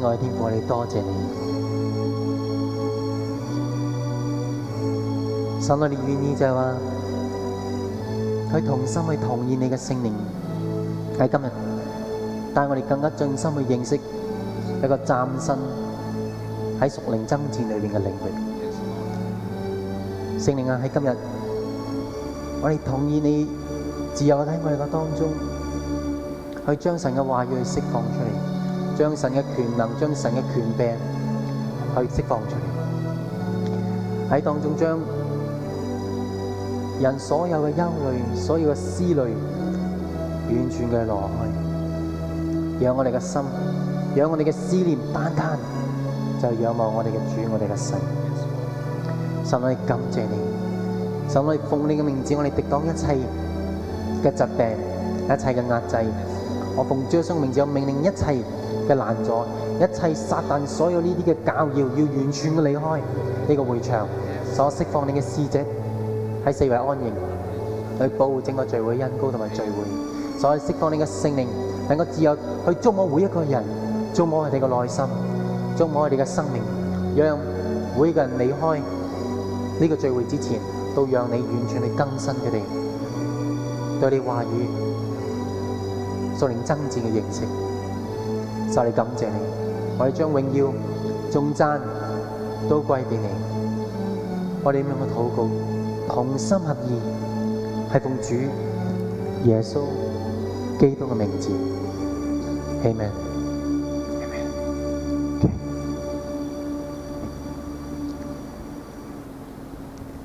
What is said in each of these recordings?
我的天父，我哋多謝你，神啊，的願意就係話去同心去同意你的聖靈在今日，帶我哋更加盡心去認識一個嶄新在屬靈爭戰裏面的領域。聖靈啊，喺今日，我哋同意你自由在我哋嘅當中，去將神的話語去釋放出來，將神嘅權能、將神嘅權柄去釋放出嚟，喺當中將人所有嘅憂慮、所有嘅思慮完全嘅挪開，讓我哋嘅心，讓我哋嘅思念單單就仰望我哋嘅主、我哋嘅神。神我哋感謝你，神我哋奉你嘅名字，我哋抵擋一切嘅疾病、一切嘅壓制。我奉主嘅聖名，就命令一切。嘅難助，一切撒旦所有呢啲嘅教耀，要完全嘅離開呢個會場，所以釋放你嘅使者喺四圍安營，去保護整個聚會恩膏同埋聚會，所以釋放你嘅聖靈，令我自由去觸摸每一個人，觸摸佢哋嘅內心，觸摸佢哋嘅生命，讓每一個人離開呢個聚會之前，都讓你完全去更新佢哋，對你話語所令真摯嘅認識。感謝你，我哋將榮耀、眾讚都歸給你。我哋兩個禱告同心合意，係奉主耶穌基督嘅名字，Amen,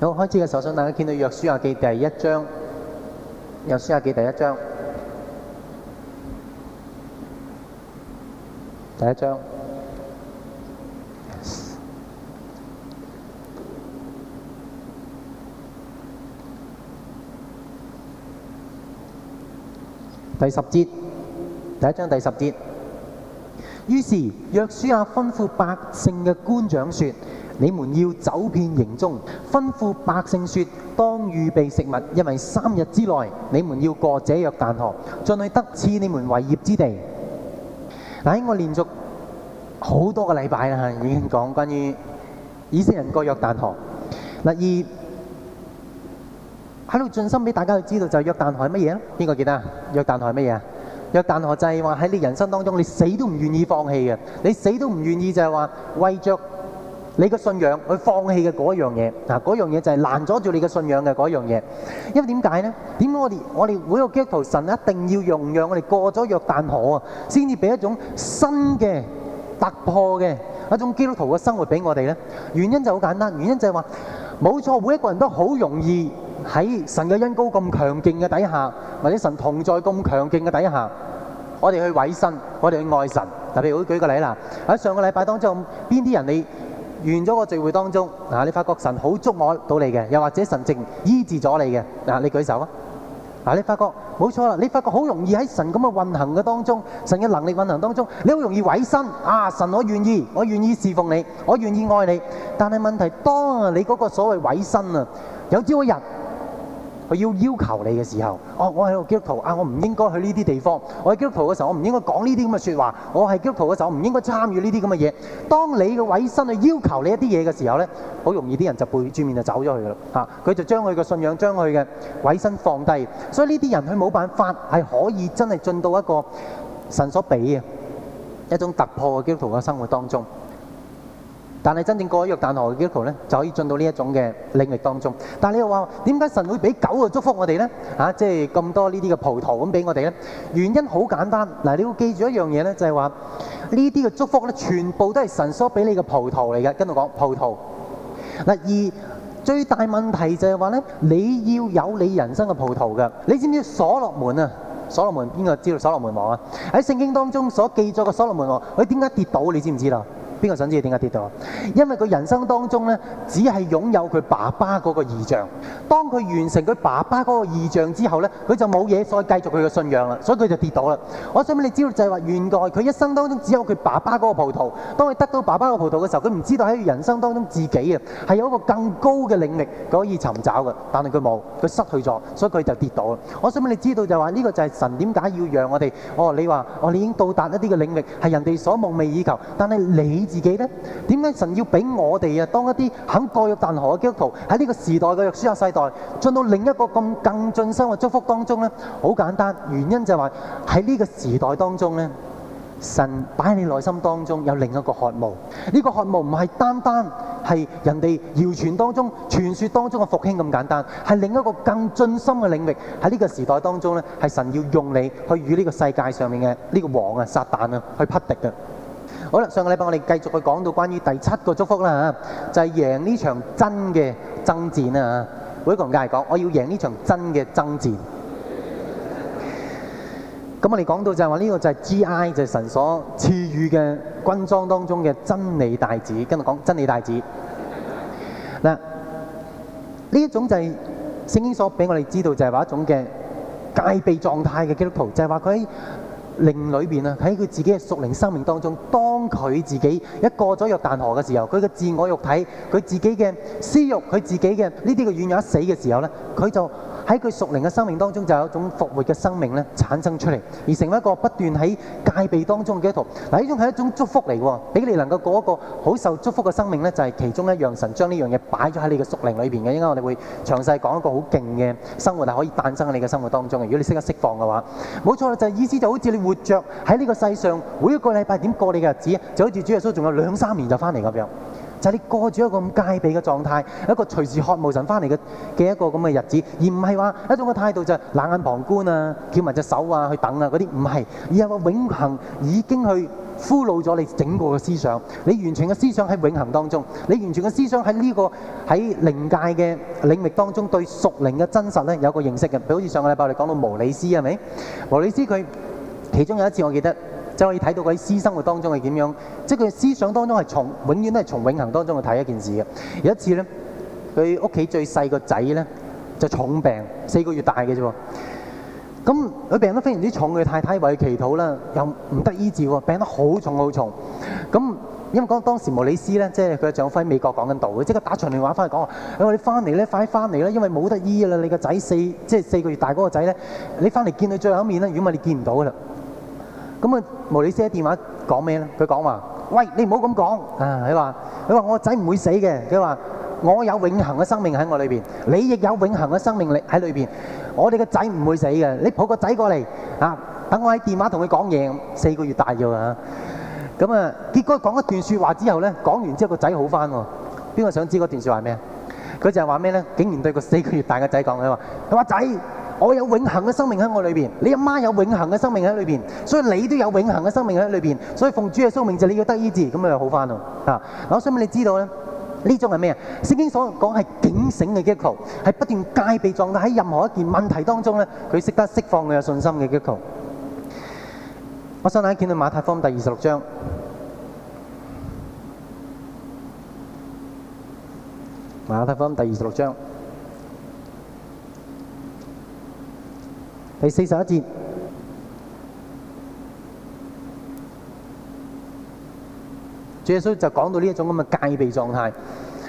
Amen, Okay，開始嘅時候，想大家見到《約書亞記》第一章，《約書亞記》第一章。第一章第十節，第一章第十節。於是約書亞吩咐百姓嘅官長說：你們要走遍營中，吩咐百姓說：當預備食物，因為三日之內你們要過這約旦河，進去得賜你們為業之地。我連續好多個禮拜已經講關於以色列人過約旦河。而喺度盡心俾大家知道就是是什麼，就係約旦河係乜嘢咧？邊個記得啊？約旦河係乜嘢啊？約旦河就係話喺你人生當中你，你死都唔願意放棄嘅，你死都唔願意就係話為著你嘅信仰去放棄嘅嗰一樣嘢，嗱，嗰樣嘢就係攔阻住你嘅信仰嘅嗰一樣嘢。因為點解呢？點解我哋我哋每個基督徒神一定要容讓我哋過咗約旦河啊，先至俾一種新嘅突破嘅一種基督徒嘅生活俾我哋呢？原因就好簡單，原因就係話冇錯，每一個人都好容易喺神嘅恩膏咁強勁嘅底下，或者神同在咁強勁嘅底下，我哋去委身，我哋去愛神。特別我舉個例子，喺上個禮拜當中邊啲人你？完咗個聚會當中，嗱你發覺神好捉摸到你嘅，又或者神正醫治咗你嘅，嗱你舉手啊！嗱你發覺冇錯啦，你發覺好容易喺神咁嘅運行嘅當中，神嘅能力運行當中，你好容易委身啊！神我願意，我願意侍奉你，我願意愛你。但係問題，當你嗰個所謂委身啊，有朝一日。佢要要求你嘅時候，哦，我係個基督徒啊！我唔應該去呢啲地方。我係基督徒嘅時候，我唔應該講呢啲咁嘅説話。我係基督徒嘅時候，我唔應該參與呢啲咁嘅嘢。當你嘅委身去要求你一啲嘢嘅時候咧，好容易啲人就背住面就走咗去啦嚇。佢、啊、就將佢嘅信仰、將佢嘅委身放低，所以呢啲人佢冇辦法係可以真係進到一個神所俾嘅一種突破嘅基督徒嘅生活當中。但係真正過咗約旦河嘅基督徒就可以進到呢一種嘅領域當中。但係你又話點解神會畀九個祝福我哋呢？嚇、啊，即係咁多呢啲嘅葡萄咁畀我哋呢？原因好簡單，嗱你要記住一樣嘢呢就係話呢啲嘅祝福呢，全部都係神所畀你嘅葡萄嚟嘅。跟住講葡萄，嗱，而最大問題就係話呢，你要有你人生嘅葡萄嘅。你知唔知所羅門啊？所羅門邊個知道所羅門王啊？喺聖經當中所記載嘅所羅門王，佢點解跌倒？你知唔知道？邊個想知點解跌到？因為佢人生當中呢，只係擁有佢爸爸嗰個異象。當佢完成佢爸爸嗰個異象之後呢，佢就冇嘢再繼續佢嘅信仰啦，所以佢就跌倒啦。我想問你知道就係話，原來佢一生當中只有佢爸爸嗰個葡萄。當佢得到爸爸個葡萄嘅時候，佢唔知道喺人生當中自己啊係有一個更高嘅領域可以尋找嘅，但係佢冇，佢失去咗，所以佢就跌倒啦。我想問你知道就係話呢個就係神點解要讓我哋？哦，你話哦，你已經到達一啲嘅領域，係人哋所夢寐以求，但係你。自己呢？點解神要俾我哋啊？當一啲肯過約旦河嘅基督徒喺呢個時代嘅約書亞世代，進到另一個咁更進深嘅祝福當中呢？好簡單，原因就係話喺呢個時代當中呢，神擺喺你內心當中有另一個渴慕。呢、這個渴慕唔係單單係人哋謠傳當中、傳說當中嘅復興咁簡單，係另一個更進深嘅領域喺呢個時代當中呢，係神要用你去與呢個世界上面嘅呢個王啊、撒旦啊去匹敵嘅。好啦，上個禮拜我哋繼續去講到關於第七個祝福啦嚇，就係贏呢場真嘅爭戰啊嚇，每一個人梗係講，我要贏呢場真嘅爭戰。咁我哋講到就係話呢個就係 G I 就係神所賜予嘅軍裝當中嘅真理帶子，跟住講真理帶子嗱，呢一種就係聖經所俾我哋知道就係話一種嘅戒備狀態嘅基督徒，就係話佢。靈裏面啊，喺佢自己嘅屬靈生命當中，當佢自己一過咗約旦河嘅時候，佢嘅自我肉體，佢自己嘅私慾、佢自己嘅呢啲嘅軟弱一死嘅時候呢，佢就。喺佢屬靈嘅生命當中，就有一種復活嘅生命咧產生出嚟，而成為一個不斷喺戒備當中嘅一套。嗱，呢種係一種祝福嚟喎，俾你能夠過一個好受祝福嘅生命咧，就係、是、其中一樣神將呢樣嘢擺咗喺你嘅屬靈裏邊嘅。應該我哋會詳細講一個好勁嘅生活，係可以誕生喺你嘅生活當中嘅。如果你識得釋放嘅話，冇錯，就是、意思就好似你活著喺呢個世上，每一個禮拜點過你嘅日子，就好似主耶穌仲有兩三年就翻嚟咁樣。就係、是、你過住一個咁戒備嘅狀態，一個隨時渴慕神翻嚟嘅一個咁嘅日子，而唔係話一種嘅態度就冷眼旁觀啊，翹埋隻手啊去等啊嗰啲，唔係，而係話永恒已經去俘虜咗你整個嘅思想，你完全嘅思想喺永恒當中，你完全嘅思想喺呢、這個喺靈界嘅領域當中對屬靈嘅真實呢有個認識嘅，譬如好似上個禮拜我哋講到毛里斯係咪？毛里斯佢其中有一次我記得。就可以睇到佢喺私生活當中係點樣，即係佢思想當中係從永遠都係從永恆當中去睇一件事嘅。有一次咧，佢屋企最細個仔咧就重病，四個月大嘅啫。咁佢病得非常之重，佢太太為佢祈禱啦，又唔得醫治喎，病得好重好重。咁因為講當時摩利斯咧，即係佢嘅丈夫喺美國講緊道嘅，即係打長電話翻嚟講話：，你翻嚟咧，快啲翻嚟啦，因為冇得醫啦，你個仔四即係、就是、四個月大嗰個仔咧，你翻嚟見佢最後一面啦，如果唔係你見唔到噶啦。咁啊，無理些電話講咩咧？佢講話：，喂，你唔好咁講。啊，佢話：，佢話我個仔唔會死嘅。佢話：，我有永恆嘅生命喺我裏邊，你亦有永恆嘅生命力喺喺裏邊。我哋嘅仔唔會死嘅。你抱個仔過嚟，啊，等我喺電話同佢講嘢。四個月大嘅啊，咁啊，結果講一段説話之後咧，講完之後個仔好翻喎。邊個想知嗰段説話係咩？佢就係話咩咧？竟然對個四個月大嘅仔講，佢話：，我仔。我有永恆嘅生命喺我裏邊，你阿媽有永恆嘅生命喺裏邊，所以你都有永恆嘅生命喺裏邊。所以奉主嘅生命就你要得醫治，咁咪好翻咯啊！嗱，我想問你知道咧呢種係咩啊？聖經所講係警醒嘅祈求，係不斷戒備狀態，喺任何一件問題當中咧，佢識得釋放佢有信心嘅祈求。我想睇見到馬太福音第二十六章，馬太福音第二十六章。第四十一節，主耶穌就講到呢一種咁嘅戒備狀態。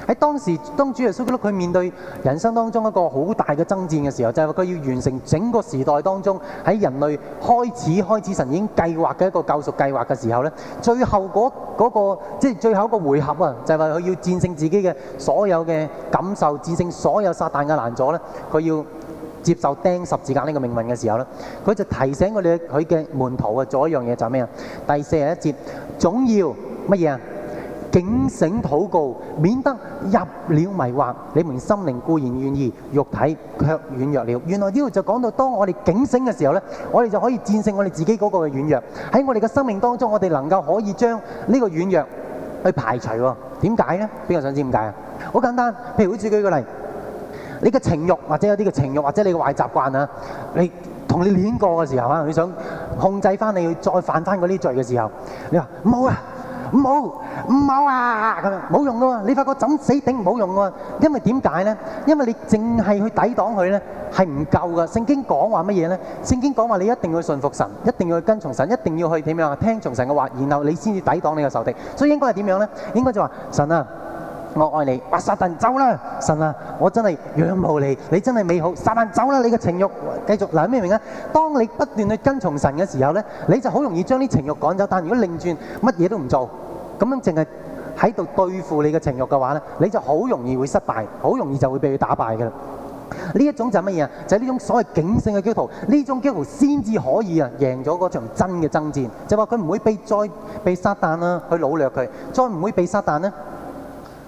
喺當時，當主耶穌佢面對人生當中一個好大嘅爭戰嘅時候，就係話佢要完成整個時代當中喺人類開始開始神已經計劃嘅一個救贖計劃嘅時候咧，最後嗰嗰個即係最後一個回合啊，就係話佢要戰勝自己嘅所有嘅感受，戰勝所有撒但嘅難阻咧，佢要接受釘十字架呢個命運嘅時候呢，佢就提醒我哋佢嘅門徒啊，做一樣嘢就係咩啊？第四十一節總要乜嘢啊？警醒禱告，免得入了迷惑。你們心靈固然願意，肉體卻軟弱了。原來呢度就講到，當我哋警醒嘅時候呢，我哋就可以戰勝我哋自己嗰個軟弱。喺我哋嘅生命當中，我哋能夠可以將呢個軟弱去排除喎。點解呢？邊個想知點解啊？好簡單，譬如好似舉個例。你嘅情欲或者有啲嘅情欲或者你嘅壞習慣啊，你同你戀過嘅時候啊，你想控制返你去再犯返嗰啲罪嘅時候，你話唔好啊，唔好，唔好啊，咁樣冇用嘅喎，你發覺點死頂冇用嘅喎，因為點解呢？因為你淨係去抵擋佢呢，係唔夠嘅。聖經講話乜嘢呢？聖經講話你一定要順服神，一定要去跟從神，一定要去點樣啊？聽從神嘅話，然後你先至抵擋你嘅仇敵。所以應該係點樣呢？應該就話神啊。我愛你，阿，撒旦走啦！神啊，我真係仰慕你，你真係美好。撒旦走啦！你嘅情欲，繼續嗱，明唔明啊？當你不斷去跟從神嘅時候咧，你就好容易將啲情欲趕走。但如果擰轉，乜嘢都唔做，咁樣淨係喺度對付你嘅情欲嘅話咧，你就好容易會失敗，好容易就會被佢打敗嘅。呢一種就係乜嘢啊？就係、是、呢種所謂警醒嘅基督徒，呢種基督徒先至可以啊贏咗嗰場真嘅爭戰，就話佢唔會被再被撒旦啦去擄掠佢，再唔會被撒旦啦。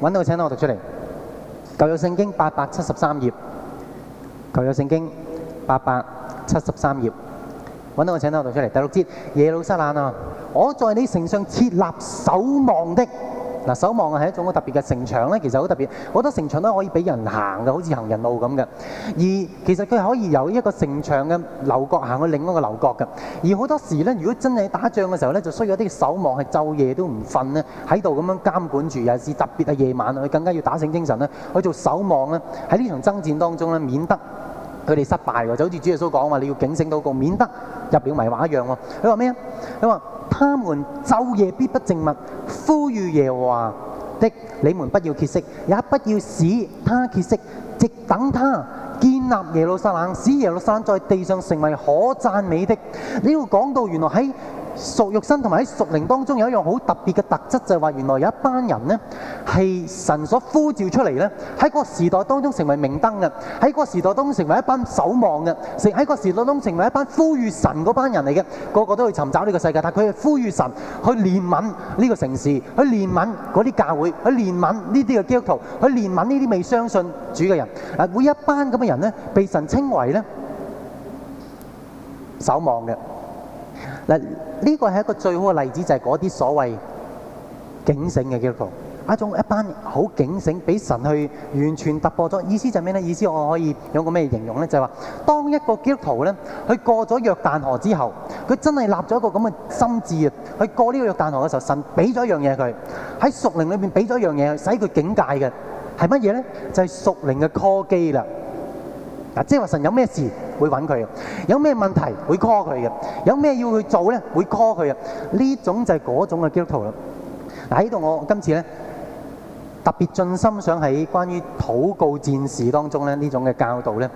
揾到我請我讀出嚟。舊約聖經八百七十三頁，舊約聖經八百七十三頁，揾到我請我讀出嚟。第六節，耶路撒冷啊，我在你城上設立守望的。守望是係一種特別嘅城牆，其實好特別，好多城牆都可以俾人行嘅，好似行人路咁嘅。而其實佢可以由一個城牆嘅樓角行去另外一個樓角嘅。而好多時，如果真係打仗嘅時候，就需要啲守望係晝夜都唔瞓咧，喺度咁樣監管住。尤其是特別係夜晚，佢更加要打醒精神，去做守望在喺呢場爭戰當中，免得。佢哋失敗喎，就好似主耶穌講話，你要警醒禱告，免得入了迷惘一樣喎。佢話咩啊？佢話他們晝夜必不靜默，呼籲耶和華的，你們不要歇息，也不要使他歇息，直等他建立耶路撒冷，使耶路撒冷在地上成為可讚美的。呢個講到原來喺。屬肉身同埋喺屬靈當中有一樣好特別嘅特質，就係話原來有一班人呢，係神所呼召出嚟呢，喺嗰個時代當中成為明燈嘅，喺嗰個時代當中成為一班守望嘅成，喺嗰個時代當中成為一班呼籲神嗰班人嚟嘅，個個都去尋找呢個世界，但係佢係呼籲神去憐憫呢個城市，去憐憫嗰啲教會，去憐憫呢啲嘅基督徒，去憐憫呢啲未相信主嘅人啊，每一班咁嘅人呢，被神稱為咧守望嘅。嗱，呢、這個係一個最好嘅例子，就係嗰啲所謂警醒嘅基督徒，一種一班好警醒，俾神去完全突破咗。意思就係咩咧？意思我可以有個咩形容咧？就係、是、話，當一個基督徒咧，佢過咗約旦河之後，佢真係立咗一個咁嘅心智啊！佢過呢個約旦河嘅時候，神俾咗一樣嘢佢喺屬靈裏邊俾咗一樣嘢，使佢警戒嘅係乜嘢咧？就係屬靈嘅科技啦。嗱，即係話神有咩事會揾佢嘅，有咩問題會 call 佢嘅，有咩要去做咧會 call 佢嘅，呢種就係嗰種嘅基督徒啦。嗱，喺度我今次咧特別盡心想喺關於禱告戰士當中咧呢種嘅教導咧。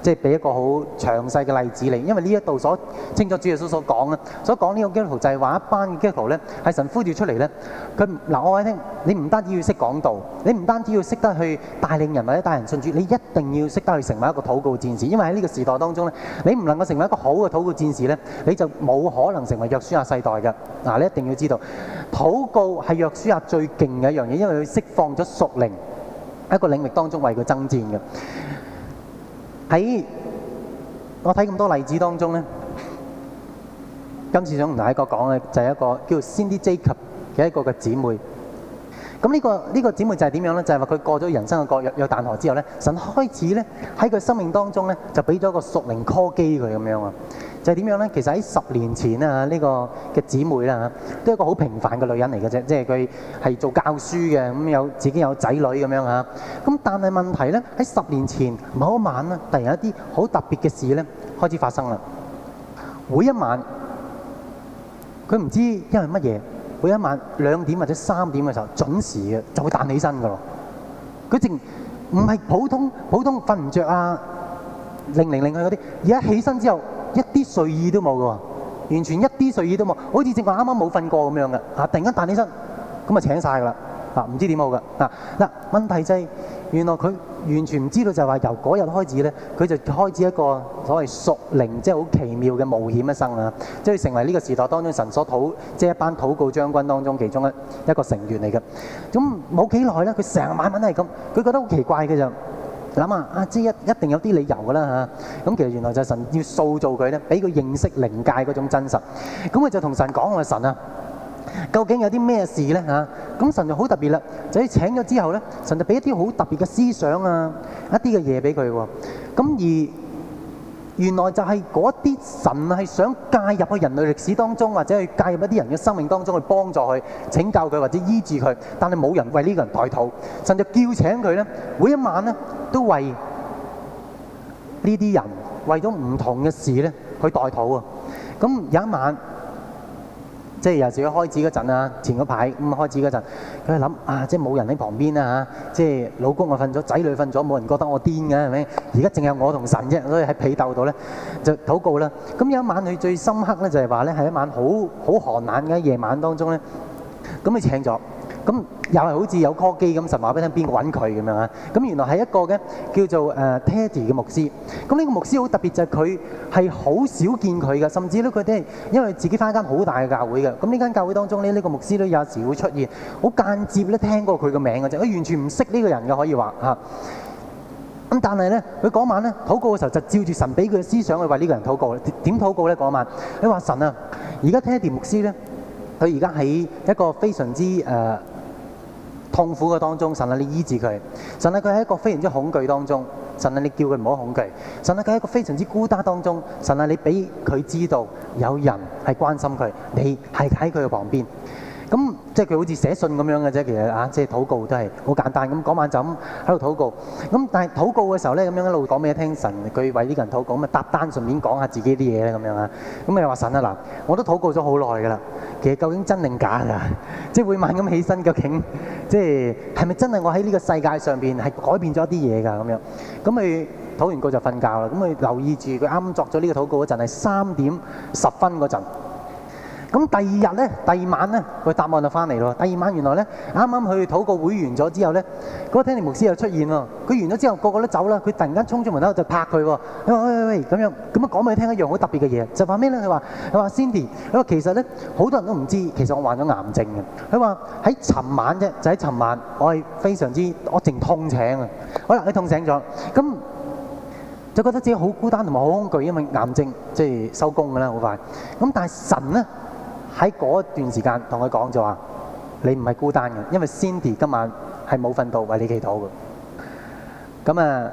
即係俾一個好詳細嘅例子嚟，因為呢一度所清楚主耶穌所講啊，所講呢個基督徒就係話一班嘅基督徒咧，係神呼召出嚟咧，佢，嗱，我話你聽，你唔單止要識講道，你唔單止要識得去帶領人或者帶人信主，你一定要識得去成為一個禱告戰士，因為喺呢個時代當中咧，你唔能夠成為一個好嘅禱告戰士咧，你就冇可能成為約書亞世代嘅。嗱，你一定要知道禱告係約書亞最勁嘅一樣嘢，因為佢釋放咗屬靈一個領域當中為佢爭戰嘅。喺我睇咁多例子當中咧，今次想同大家講咧，就係、是、一個叫 Cindy Jacob 嘅一個嘅姊妹。咁呢、這個呢、這個姊妹就係點樣咧？就係話佢過咗人生嘅各個約旦河之後咧，神開始咧喺佢生命當中咧就俾咗個屬靈 call 機佢咁樣啊。就係、是、點樣呢？其實喺十年前這呢個嘅姊妹啦都係一個好平凡嘅女人嚟嘅啫。即係佢係做教書嘅，有自己有仔女咁樣。但係問題呢在喺十年前某一晚啊，突然有啲好特別嘅事咧開始發生啦。每一晚，佢唔知因為乜嘢，每一晚兩點或者三點嘅時候，準時就會彈起身㗎咯。佢淨唔係普通普通瞓唔着啊，零零零佢嗰啲，而家起身之後。一啲睡意都冇㗎喎，完全一啲睡意都冇，好似正話啱啱冇瞓過咁樣嘅，啊，突然間彈起身，咁啊請晒㗎啦，啊，唔知點好㗎，嗱嗱問題就係、是、原來佢完全唔知道就係話由嗰日開始咧，佢就開始一個所謂屬靈即係好奇妙嘅冒險一生啊，即、就、係、是、成為呢個時代當中神所討即係一班禱告將軍當中其中一一個成員嚟嘅，咁冇幾耐咧，佢成晚晚都係咁，佢覺得好奇怪嘅就。諗啊，阿一,一定有啲理由㗎啦。咁其實原來就係神要塑造佢咧，俾佢認識靈界嗰種真實。咁佢就同神講話：神啊，究竟有啲咩事呢？咁、啊、神就好特別啦，就去、係、請咗之後咧，神就俾一啲好特別嘅思想呀、啊、一啲嘅嘢俾佢喎。咁而原來就係嗰一啲神係想介入去人類歷史當中，或者去介入一啲人嘅生命當中去幫助佢、請教佢或者醫治佢，但係冇人為呢個人代禱，甚至叫醒佢呢，每一晚呢都為呢啲人，為咗唔同嘅事呢去代禱啊！咁有一晚。即係由自己開始嗰陣啊，前嗰排咁開始嗰陣，佢諗啊，即係冇人喺旁邊啊。」即係老公啊瞓咗，仔女瞓咗，冇人覺得我癲嘅係咪？而家淨係我同神啫，所以喺被竇度咧就禱告啦。咁有一晚佢最深刻咧就係話咧係一晚好好寒冷嘅夜晚當中咧，咁佢請咗。咁又係好似有 call 機咁，神話俾聽邊個揾佢咁樣啊？咁原來係一個嘅叫做誒 Teddy 嘅牧師。咁呢個牧師好特別，就係佢係好少見佢嘅，甚至咧佢哋因為自己翻一間好大嘅教會嘅。咁呢間教會當中咧，呢個牧師咧有時會出現，好間接咧聽過佢嘅名嘅啫。佢完全唔識呢個人嘅，可以話嚇。咁但係咧，佢嗰晚咧禱告嘅時候就照住神俾佢嘅思想去為呢個人禱告。點禱告咧？嗰晚，你話神啊，而家 Teddy 牧師咧，佢而家喺一個非常之誒。呃痛苦嘅當中，神啊，你醫治佢；神啊，佢喺一個非常之恐懼當中，神啊，你叫佢唔好恐懼；神啊，佢喺一個非常之孤單當中，神啊，你俾佢知道有人係關心佢，你係喺佢嘅旁邊。咁即係佢好似寫信咁樣嘅啫，其實啊，即係禱告都係好簡單，咁嗰晚就喺度禱告。咁但係禱告嘅時候咧，咁樣一路講畀你聽神，佢為呢個人禱告，咁啊搭單順便講下自己啲嘢咧咁樣啊。咁你話神啊嗱，我都禱告咗好耐㗎啦。其實究竟真定假㗎？ 即係每晚咁起身，究竟即係係咪真係我喺呢個世界上邊係改變咗啲嘢㗎咁樣？咁佢禱完告就瞓覺啦。咁佢留意住佢啱作咗呢個禱告嗰陣係三點十分嗰陣。咁第二日第二晚咧，佢答案就翻嚟咯。第二晚原來呢剛啱啱去禱告會完咗之後呢，嗰、那個聽啲牧師又出現了。佢完咗之後，個個都走了。佢突然間衝出門口就拍佢喎，喂喂喂咁樣，咁樣講俾你聽一樣好特別嘅嘢，就話咩呢？佢話：Cindy，我其實呢，好多人都唔知道，其實我患咗癌症嘅。佢話喺尋晚啫，就喺尋晚，我係非常之我正痛醒啊。好啦，你痛醒咗，咁就覺得自己好孤單同埋好恐懼，因為癌症即係收工嘅啦，好、就是、快。咁但係神呢。喺嗰一段時間，同佢講就話：你唔係孤單嘅，因為 Cindy 今晚係冇瞓到為你祈禱嘅。咁啊，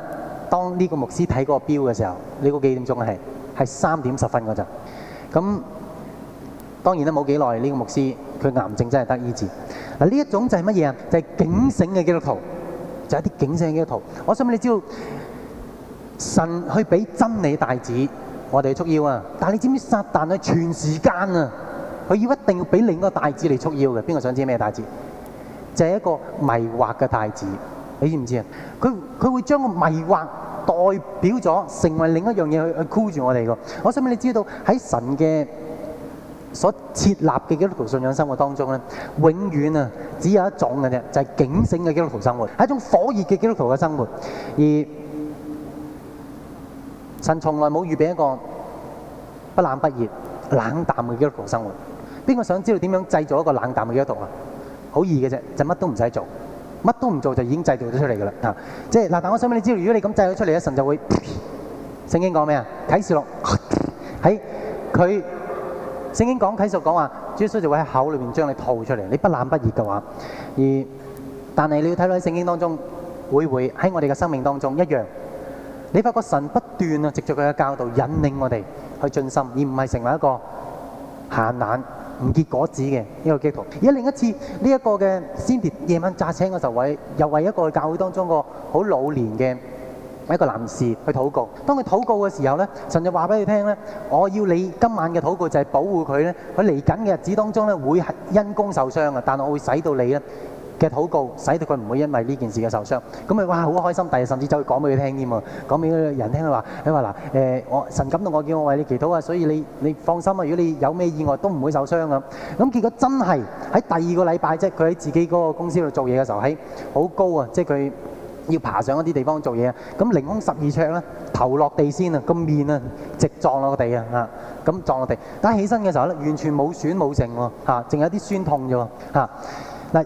當呢個牧師睇嗰個表嘅時候，呢個幾點鐘係係三點十分嗰陣。咁當然啦，冇幾耐呢個牧師佢癌症真係得醫治。嗱，呢一種就係乜嘢啊？就係警醒嘅基督徒，就係啲警醒嘅基督徒。我想問你知道神去俾真理帶子，我哋要束腰啊！但係你知唔知撒但係全時間啊？佢要一定要俾另一個大字嚟束腰嘅，邊個想知咩大字？就係、是、一個迷惑嘅大字，你知唔知道？佢佢會將個迷惑代表咗，成為另一樣嘢去去箍住我哋。我想俾你知道喺神嘅所設立嘅基督徒信仰生活當中，永遠啊，只有一種嘅啫，就係、是、警醒嘅基督徒生活，係一種火熱嘅基督徒嘅生活。而神從來冇預備一個不冷不熱冷淡嘅基督徒生活。邊個想知道點樣製造一個冷淡嘅嘢度啊？好易嘅啫，就乜都唔使做，乜都唔做就已經製造咗出嚟噶啦。啊，即係嗱，但我想俾你知道，如果你咁製咗出嚟咧，神就會聖經講咩啊？啟示錄，喺佢聖經講啟示講話，主就會喺口裏邊將你吐出嚟。你不冷不熱嘅話，而但係你要睇到喺聖經當中，會唔會喺我哋嘅生命當中一樣？你發覺神不斷啊，藉着佢嘅教導引領我哋去盡心，而唔係成為一個閒懶。唔結果子嘅呢、這個基督徒，而家另一次呢一、這個嘅先至夜晚揸車嗰陣位，又為一個教會當中個好老年嘅一個男士去禱告。當佢禱告嘅時候咧，神就話俾你聽咧：，我要你今晚嘅禱告就係保護佢咧，佢嚟緊嘅日子當中咧會因公受傷嘅，但係我會使到你咧。嘅禱告，使到佢唔會因為呢件事嘅受傷。咁咪哇，好開心！第日甚至走去講俾佢聽添喎，講俾啲人聽佢話：，佢話嗱，誒，我神感動我，叫我為你祈禱啊，所以你你放心啊，如果你有咩意外都唔會受傷噶。咁結果真係喺第二個禮拜，即係佢喺自己嗰個公司度做嘢嘅時候，喺好高啊，即係佢要爬上一啲地方做嘢。咁凌空十二呎咧，頭落地先啊，個面啊，直撞落個地啊，嚇，咁撞落地。但係起身嘅時候咧，完全冇損冇剩喎，嚇，淨有啲酸痛啫喎，嚇，嗱。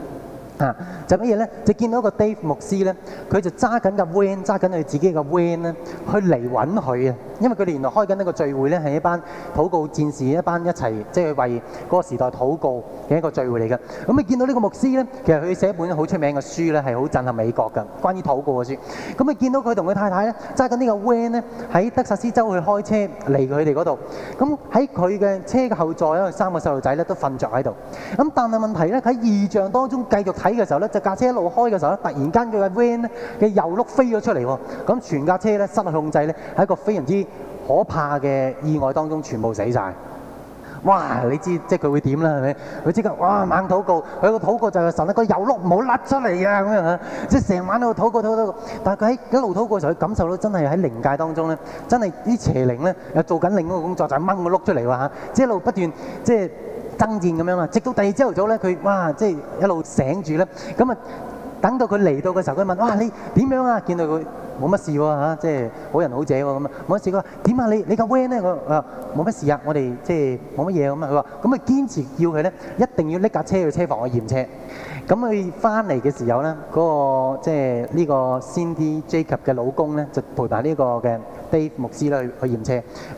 啊！就乜嘢咧？就見到一個 Dave 牧師咧，佢就揸緊架 van，揸緊佢自己嘅 van 咧，去嚟揾佢啊！因為佢原來開緊呢個聚會咧，係一班禱告戰士，一班一齊即係為嗰個時代禱告嘅一個聚會嚟嘅。咁、嗯、你見到呢個牧師咧，其實佢寫一本好出名嘅書咧，係好震撼美國嘅，關於禱告嘅書。咁、嗯、你見到佢同佢太太咧揸緊呢個 van 咧，喺德薩斯州去開車嚟佢哋嗰度。咁喺佢嘅車嘅後座咧，因為三個細路仔咧都瞓着喺度。咁但係問題咧喺異象當中繼續。睇嘅時候咧，就架車一路開嘅時候咧，突然間佢嘅 van 嘅油碌飛咗出嚟喎，咁全架車咧失控制咧，喺一個非常之可怕嘅意外當中全部死晒。哇！你知即係佢會點啦，係咪？佢即刻哇猛禱告，佢個禱告就係神咧，個油碌唔好甩出嚟啊咁樣嚇，即係成晚喺度禱告禱告，禱告。但係佢喺一路禱告嘅時候，佢感受到真係喺靈界當中咧，真係啲邪靈咧又做緊另外一個工作，就係掹個碌出嚟啦、啊、即一路不斷即係。爭戰咁樣啦，直到第二朝頭早咧，佢哇，即係一路醒住咧，咁啊～等到佢嚟到嘅時候，佢問：哇，你點樣啊？見到佢冇乜事喎嚇，即係好人好姐喎咁啊！嗰時佢話：點啊？你你架 van 咧？我啊冇乜事啊，我哋即係冇乜嘢咁啊！佢話：咁啊，堅持要佢咧，一定要拎架車去車房去驗車。咁佢翻嚟嘅時候咧，嗰個即係呢個 Cindy Jacob 嘅老公咧，就陪埋呢個嘅 Dave 牧師咧去去驗車。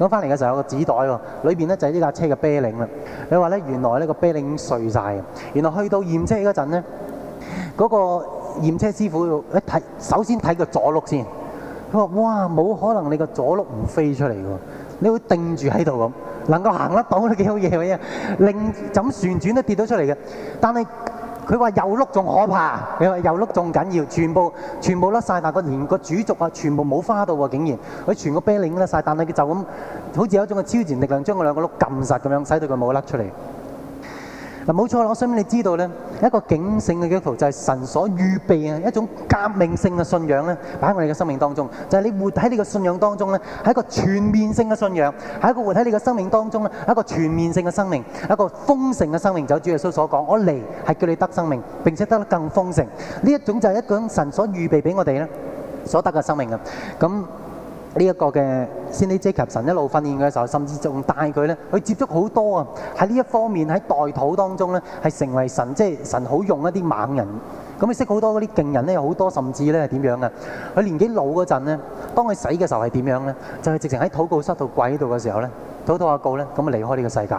咁翻嚟嘅時候有個紙袋喎，裏邊咧就係呢架車嘅啤令啦。佢話咧，原來呢個啤令碎曬嘅。原來去到驗車嗰陣咧。嗰個驗車師傅一睇，首先睇個左碌先。佢話：哇，冇可能你個左碌唔飛出嚟㗎，你會定住喺度咁，能夠行得到都幾好嘢嘅。令怎旋轉都跌到出嚟嘅。但係佢話右碌仲可怕，佢話右碌仲緊要。全部全部甩晒，但係連個主軸啊全部冇花到喎，竟然佢全個啤令甩晒，但係佢就咁，好似有一種嘅超自然力量將個兩個碌撳實咁樣，使到佢冇甩出嚟。嗱，冇錯我想你知道呢一個警醒嘅要求就係神所預備嘅一種革命性嘅信仰呢擺喺我哋嘅生命當中，就係、是、你活喺呢個信仰當中呢係一個全面性嘅信仰，係一個活喺你嘅生命當中呢係一個全面性嘅生命，一個豐盛嘅生命。就是、主耶穌所講，我嚟係叫你得生命，並且得，得更豐盛。呢一種就係一個神所預備畀我哋所得嘅生命嘅呢、這個、一個嘅先 Jacob 神一路訓練佢嘅時候，甚至仲帶佢呢去接觸好多啊！喺呢一方面，喺代禱當中呢，係成為神，即係神好用一啲猛人。咁啊，識好多嗰啲勁人呢，有好多，甚至咧點樣嘅？佢年紀老嗰陣呢，當佢死嘅時候係點樣呢？就係直情喺禱告室度跪喺度嘅時候呢。禱告阿告呢，咁啊離開呢個世界。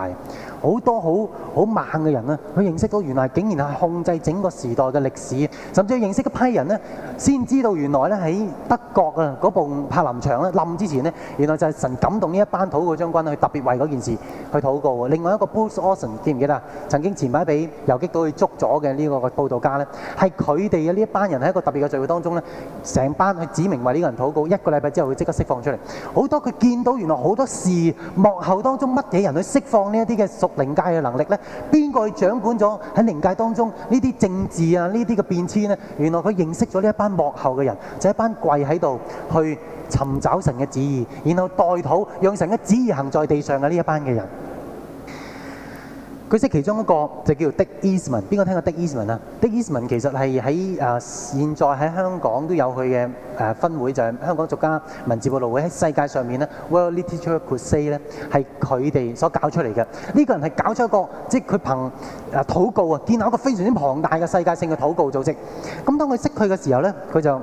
好多好好猛嘅人呢，啊，佢認識到原來竟然係控制整個時代嘅歷史，甚至係認識一批人呢。先知道原來呢，喺德國啊嗰部柏林牆呢，冧之前呢，原來就係神感動呢一班禱告將軍去特別為嗰件事去禱告。另外一個 Boots Olson 記唔記得？曾經前排俾遊擊隊去捉咗嘅呢個報道家呢，係佢哋嘅呢一班人喺一個特別嘅聚會當中呢，成班去指名為呢個人禱告，一個禮拜之後會即刻釋放出嚟。好多佢見到原來好多事幕後當中乜嘢人去釋放呢一啲嘅屬靈界嘅能力呢？邊個去掌管咗喺靈界當中呢啲政治啊、呢啲嘅變遷呢？原來佢認識咗呢一班幕後嘅人，就是、一班跪喺度去尋找神嘅旨意，然後代禱讓神嘅旨意行在地上嘅呢一班嘅人。佢識其中一個，就叫 Dick Eastman。邊個聽過 Dick Eastman 啊？Dick Eastman 其實係喺誒現在喺香港都有佢嘅誒分會，就係、是、香港作家文字佈道會喺世界上面咧，World Literature Crusade 咧係佢哋所搞出嚟嘅。呢、這個人係搞出一個，即係佢憑誒禱告啊，建立一個非常之龐大嘅世界性嘅禱告組織。咁當佢識佢嘅時候咧，佢就。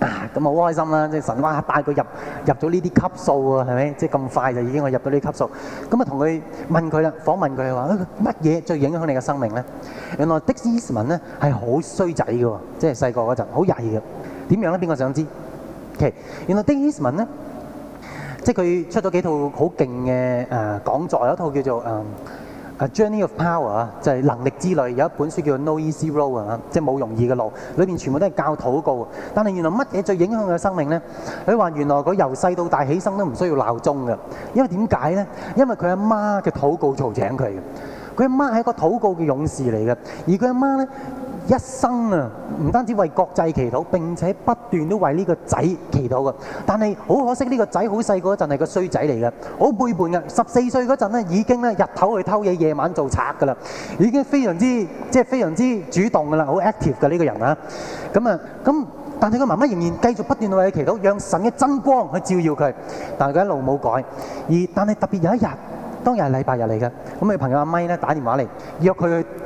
啊！咁啊好開心啦！即係神哇帶佢入入咗呢啲級數啊，係咪？即係咁快就已經我入到呢級數。咁啊同佢問佢啦，訪問佢話乜嘢最影響你嘅生命咧？原來 Dick Eastman 咧係好衰仔嘅，即係細個嗰陣好曳嘅。點樣咧？邊個想知？OK，原來 Dick Eastman 咧，即係佢出咗幾套好勁嘅誒講座，有一套叫做誒。A journey of power 啊，就係能力之旅。有一本書叫《No Easy Road》啊，即係冇容易嘅路。裏面全部都係教禱告。但係原來乜嘢最影響佢嘅生命咧？佢話原來佢由細到大起身都唔需要鬧鐘㗎，因為點解咧？因為佢阿媽嘅禱告嘈醒佢。佢阿媽係一個禱告嘅勇士嚟嘅，而佢阿媽咧。一生啊，唔單止為國際祈禱，並且不斷都為呢個仔祈禱嘅。但係好可惜，呢個仔好細個嗰陣係個衰仔嚟嘅，好背叛嘅。十四歲嗰陣咧，已經咧日頭去偷嘢，夜晚做賊㗎啦，已經非常之即係非常之主動㗎啦，好 active 嘅呢個人啊。咁啊，咁但係佢媽媽仍然繼續不斷為佢祈禱，讓神嘅真光去照耀佢。但係佢一路冇改，而但係特別有一日。當日係禮拜日嚟嘅，咁佢朋友阿咪咧打電話嚟，約佢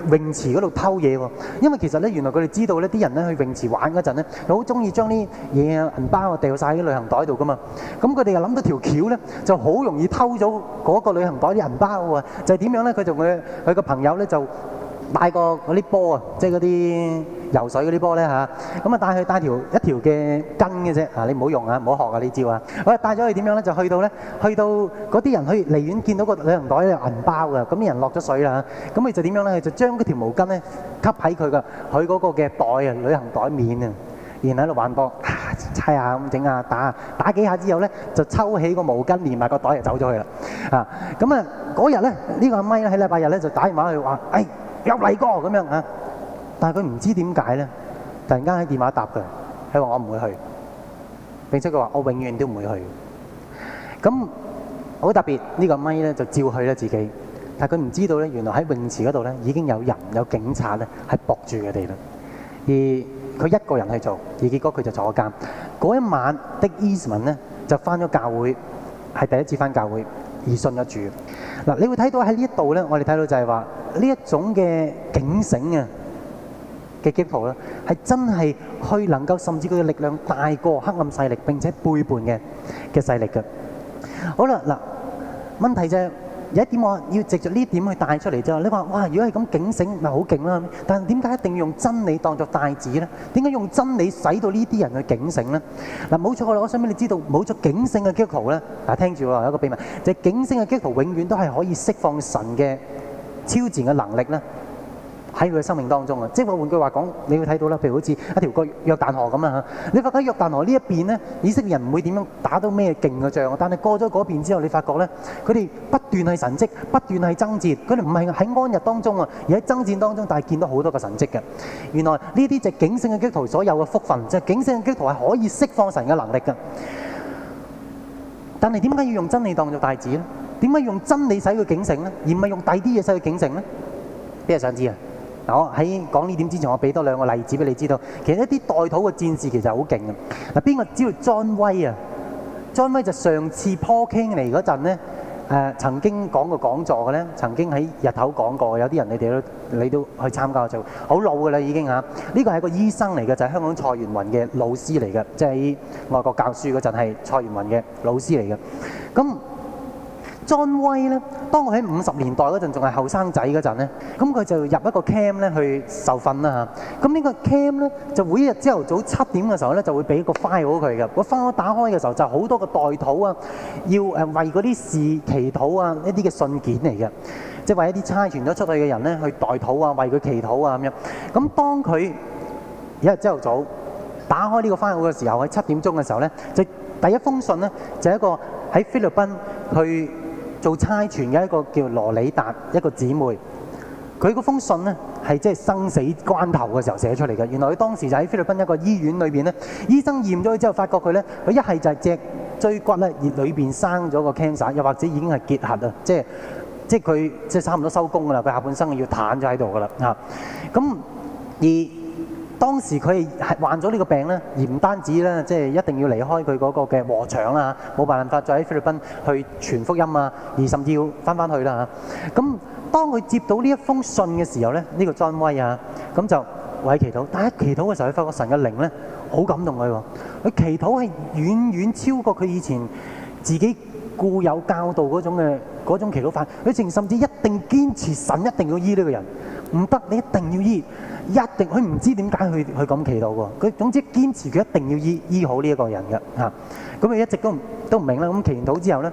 去泳池嗰度偷嘢喎。因為其實咧，原來佢哋知道咧，啲人咧去泳池玩嗰陣咧，好中意將啲嘢啊、銀包啊掉晒喺旅行袋度噶嘛。咁佢哋又諗到條橋咧，就好容易偷咗嗰個旅行袋啲銀包喎。就係點樣咧？佢仲佢佢個朋友咧就。帶個嗰啲波啊，即係嗰啲游水嗰啲波咧嚇，咁啊帶去帶條一條嘅巾嘅啫嚇，你唔好用啊，唔好學啊呢招啊，好啦，帶咗去點樣咧？就去到咧，去到嗰啲人去離遠見到個旅行袋咧銀包㗎，咁啲人落咗水啦，咁佢就點樣咧？就將嗰條毛巾咧吸喺佢嘅佢嗰個嘅袋啊旅行袋面啊，然後喺度玩波，猜下咁整下打啊，打幾下之後咧就抽起個毛巾連埋個袋就走咗去啦嚇，咁啊嗰日咧呢個阿咪咧喺禮拜日咧就打電話去話，哎。又嚟哥咁樣啊！但係佢唔知點解咧，突然間喺電話答佢，佢話我唔會去，並且佢話我永遠都唔會去。咁好特別呢，呢個咪咧就照去咧自己，但係佢唔知道咧，原來喺泳池嗰度咧已經有人有警察咧係駁住佢哋啦。而佢一個人去做，而結果佢就坐監。嗰一晚的 Eason 咧就翻咗教會，係第一次翻教會。自信得住嘅，嗱，你會睇到喺呢一度咧，我哋睇到就係話呢一種嘅警醒嘅嘅經圖咧，係真係去能夠甚至佢嘅力量大過黑暗勢力，並且背叛嘅嘅勢力嘅。好啦，嗱，問題就係。有一點我要藉著呢點去帶出嚟啫。你話哇，如果係咁警醒，咪好勁啦。但係點解一定要用真理當作帶子咧？點解用真理使到呢啲人去警醒咧？嗱，冇錯啦。我想俾你知道，冇錯，警醒嘅 GKOL 咧，嗱，聽住喎，有一個秘密，就係警醒嘅 GKOL 永遠都係可以釋放神嘅超自然嘅能力咧。喺佢嘅生命當中啊，即我換句話講，你會睇到啦。譬如好似一條個約旦河咁啦，你發覺約旦河呢一邊呢，以色列人唔會點樣打到咩勁嘅仗，但係過咗嗰邊之後，你發覺呢，佢哋不斷係神蹟，不斷係爭戰。佢哋唔係喺安日當中啊，而喺爭戰當中，但係見到好多個神蹟嘅。原來呢啲就係警醒嘅基督徒所有嘅福分，就警醒嘅基督徒係可以釋放神嘅能力嘅。但係點解要用真理當做帶子咧？點解用真理使佢警醒呢？而唔係用第二啲嘢使佢警醒呢？邊個想知啊？我喺講呢點之前，我俾多兩個例子俾你知道。其實一啲代禱嘅戰士其實好勁嘅。嗱，邊個知道莊威啊？莊威就是上次 Parking 嚟嗰陣咧，誒、呃、曾經講過講座嘅咧，曾經喺日頭講過，有啲人你哋都你都去參加就好老嘅啦已經吓，呢個係個醫生嚟嘅，就係、是、香港蔡元雲嘅老師嚟嘅，即、就、係、是、喺外國教書嗰陣係蔡元雲嘅老師嚟嘅。咁。莊威咧，當佢喺五十年代嗰陣仲係後生仔嗰陣咧，咁佢就入一個 cam 咧去受訓啦嚇。咁呢個 cam 咧，就每日朝頭早七點嘅時候咧，就會俾個 file 佢嘅。個 file 打開嘅時候，就好多個代禱啊，要誒為嗰啲事祈禱啊，一啲嘅信件嚟嘅，即係為一啲差傳咗出去嘅人咧去代禱啊，為佢祈禱啊咁樣。咁當佢一日朝頭早打開呢個 file 嘅時候，喺七點鐘嘅時候咧，就第一封信咧就係一個喺菲律賓去做差傳嘅一個叫羅里達一個姊妹，佢嗰封信呢，係即係生死關頭嘅時候寫出嚟嘅。原來佢當時就喺菲律賓一個醫院裏面呢，醫生驗咗佢之後，發覺佢呢，佢一係就隻椎骨呢，而裏邊生咗個 cancer，又或者已經係結核啊，即係佢即係差唔多收工㗎啦，佢下半生要攤咗喺度㗎。當時佢係患咗呢個病咧，而唔單止咧，即係一定要離開佢嗰個嘅禾場啦，冇辦法再喺菲律賓去傳福音啊，而甚至要翻翻去啦嚇。咁當佢接到呢一封信嘅時候咧，呢個莊威啊，咁就為祈禱。但係祈禱嘅時候，佢發覺神嘅靈咧，好感動佢喎。佢祈禱係遠遠超過佢以前自己固有教導嗰種嘅嗰種祈禱法。佢仲甚至一定堅持神一定要醫呢個人。唔得，你一定要醫，一定，佢唔知點解去去咁祈禱喎。佢總之堅持，佢一定要醫醫好呢一個人嘅嚇。咁、啊、佢一直都不都唔明啦。咁祈完禱之後咧，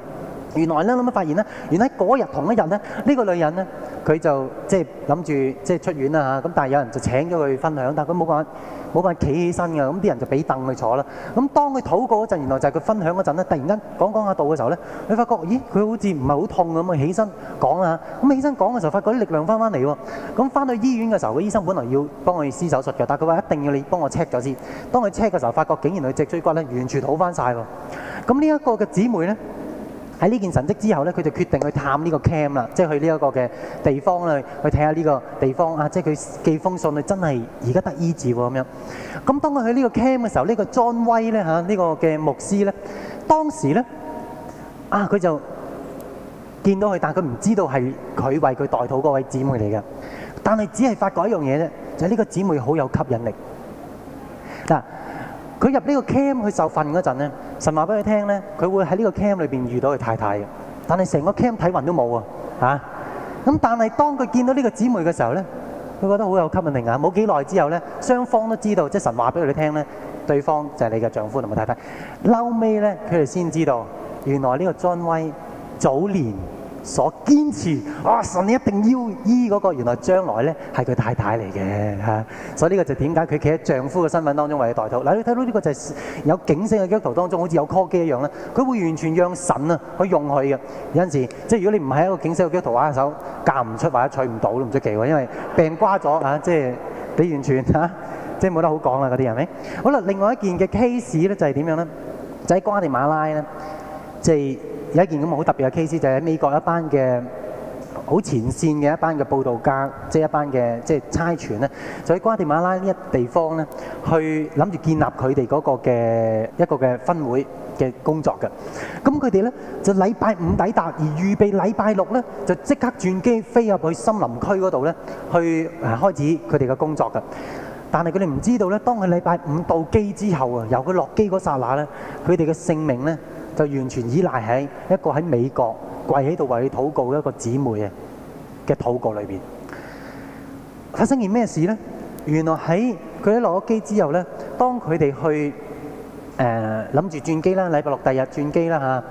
原來咧，咁樣發現咧，原來喺嗰日同一日咧，呢、呢個女人咧，佢就即係諗住即係出院啦嚇。咁、啊、但係有人就請咗佢分享，但係佢冇講。冇辦法企起身㗎，咁啲人就俾凳佢坐啦。咁當佢唞過嗰陣，原來就係佢分享嗰陣咧，突然間講講下到嘅時候咧，佢發覺咦，佢好似唔係好痛咁啊！起身講啊，咁起身講嘅時候，發覺啲力量翻翻嚟喎。咁翻到醫院嘅時候，個醫生本來要幫佢施手術嘅，但係佢話一定要你幫我 check 咗先。當佢 check 嘅時候，發覺竟然佢脊椎骨咧完全唞翻晒喎。咁呢一個嘅姊妹咧。喺呢件神蹟之後呢，他佢就決定去探呢個 cam 啦，即係去呢一個嘅地方去去睇下呢個地方，去看看這個地方啊！即係佢寄封信，佢真係而家得醫治喎咁樣。當佢去呢個 cam 嘅時候，呢個莊威這個呢、啊這個嘅牧師呢，當時呢，啊，佢就見到佢，但係佢唔知道係佢為佢代禱嗰位姊妹嚟嘅。但係只係發覺一樣嘢就係、是、呢個姊妹好有吸引力。嗱、啊，佢入呢個 cam 去受訓嗰陣呢。神話俾佢聽呢，佢會喺呢個 cam 裏面遇到佢太太，但係成個 cam 睇勻都冇啊，咁、啊、但係當佢見到呢個姊妹嘅時候呢，佢覺得好有吸引力啊！冇幾耐之後呢，雙方都知道，即係神話俾佢哋聽呢，對方就係你嘅丈夫同埋太太。後尾呢，佢哋先知道原來呢個 John 威早年。所堅持，哇、啊！神，你一定要醫嗰、那個。原來將來咧係佢太太嚟嘅嚇，所以呢個就點解佢企喺丈夫嘅身份當中為你代禱？嗱、啊，你睇到呢個就係有警醒嘅基督徒當中，好似有 call 機一樣啦。佢會完全讓神啊去用佢嘅。有陣時，即係如果你唔係一個警醒嘅基督徒話下手，嫁唔出或者娶唔到都唔出奇喎。因為病瓜咗嚇，即係你完全嚇、啊，即係冇得好講啦，嗰啲係咪？好啦，另外一件嘅 case 咧就係點樣咧？就喺、是、瓜地馬拉咧，即係。有一件咁好特別嘅 case，就係喺美國一班嘅好前線嘅一班嘅報導家，即係一班嘅即係差傳咧，就喺瓜地馬拉呢一地方咧，去諗住建立佢哋嗰個嘅一個嘅分會嘅工作嘅。咁佢哋咧就禮拜五抵達，而預備禮拜六咧就即刻轉機飛入去森林區嗰度咧，去誒開始佢哋嘅工作嘅。但係佢哋唔知道咧，當佢禮拜五到機之後啊，由佢落機嗰剎那咧，佢哋嘅性命咧～就完全依賴喺一個喺美國跪喺度為你禱告嘅一個姊妹嘅嘅禱告裏邊，發生件咩事咧？原來喺佢一落咗機之後咧，當佢哋去誒諗住轉機啦，禮拜六第日轉機啦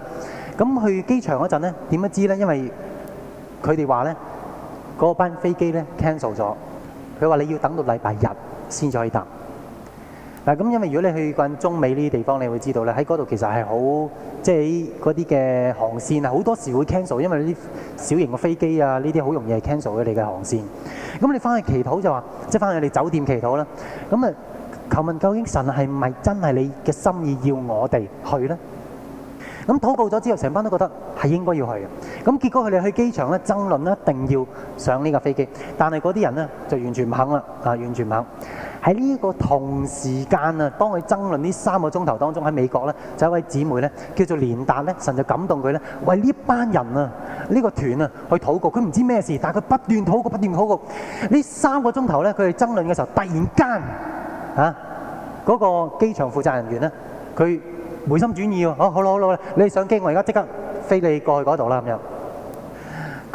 嚇，咁去機場嗰陣咧，點樣知咧？因為佢哋話咧，嗰班飛機咧 cancel 咗，佢話你要等到禮拜日先可以搭。咁因為如果你去慣中美呢啲地方，你會知道咧，喺嗰度其實係好，即係嗰啲嘅航線好多時會 cancel，因為啲小型嘅飛機啊，呢啲好容易係 cancel 你嘅航線。咁你返去祈禱就話，即返去你酒店祈禱啦。咁求問究竟神係咪真係你嘅心意要我哋去呢？咁禱告咗之後，成班都覺得係應該要去嘅。咁結果佢哋去機場咧，爭論一定要上呢架飛機。但係嗰啲人咧，就完全唔肯啦，啊，完全唔肯。喺呢個同時間啊，當佢爭論呢三個鐘頭當中喺美國咧，就一位姊妹咧，叫做連達咧，神就感動佢咧，為呢班人啊，呢個團啊，去禱告。佢唔知咩事，但係佢不斷禱告，不斷禱告。呢三個鐘頭咧，佢哋爭論嘅時候，突然間啊，嗰個機場負責人員咧，佢回心轉意喎，好，好咯，好咯，你哋上機，我而家即刻飛你過去嗰度啦，咁樣。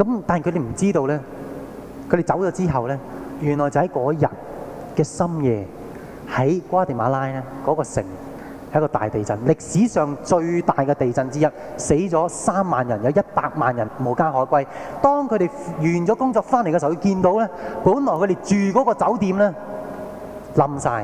咁但係佢哋唔知道咧，佢哋走咗之後咧，原來就喺嗰日嘅深夜喺瓜地馬拉咧，嗰個城係一個大地震，歷史上最大嘅地震之一，死咗三萬人，有一百萬人無家可歸。當佢哋完咗工作返嚟嘅時候，佢見到咧，本來佢哋住嗰個酒店咧，冧晒。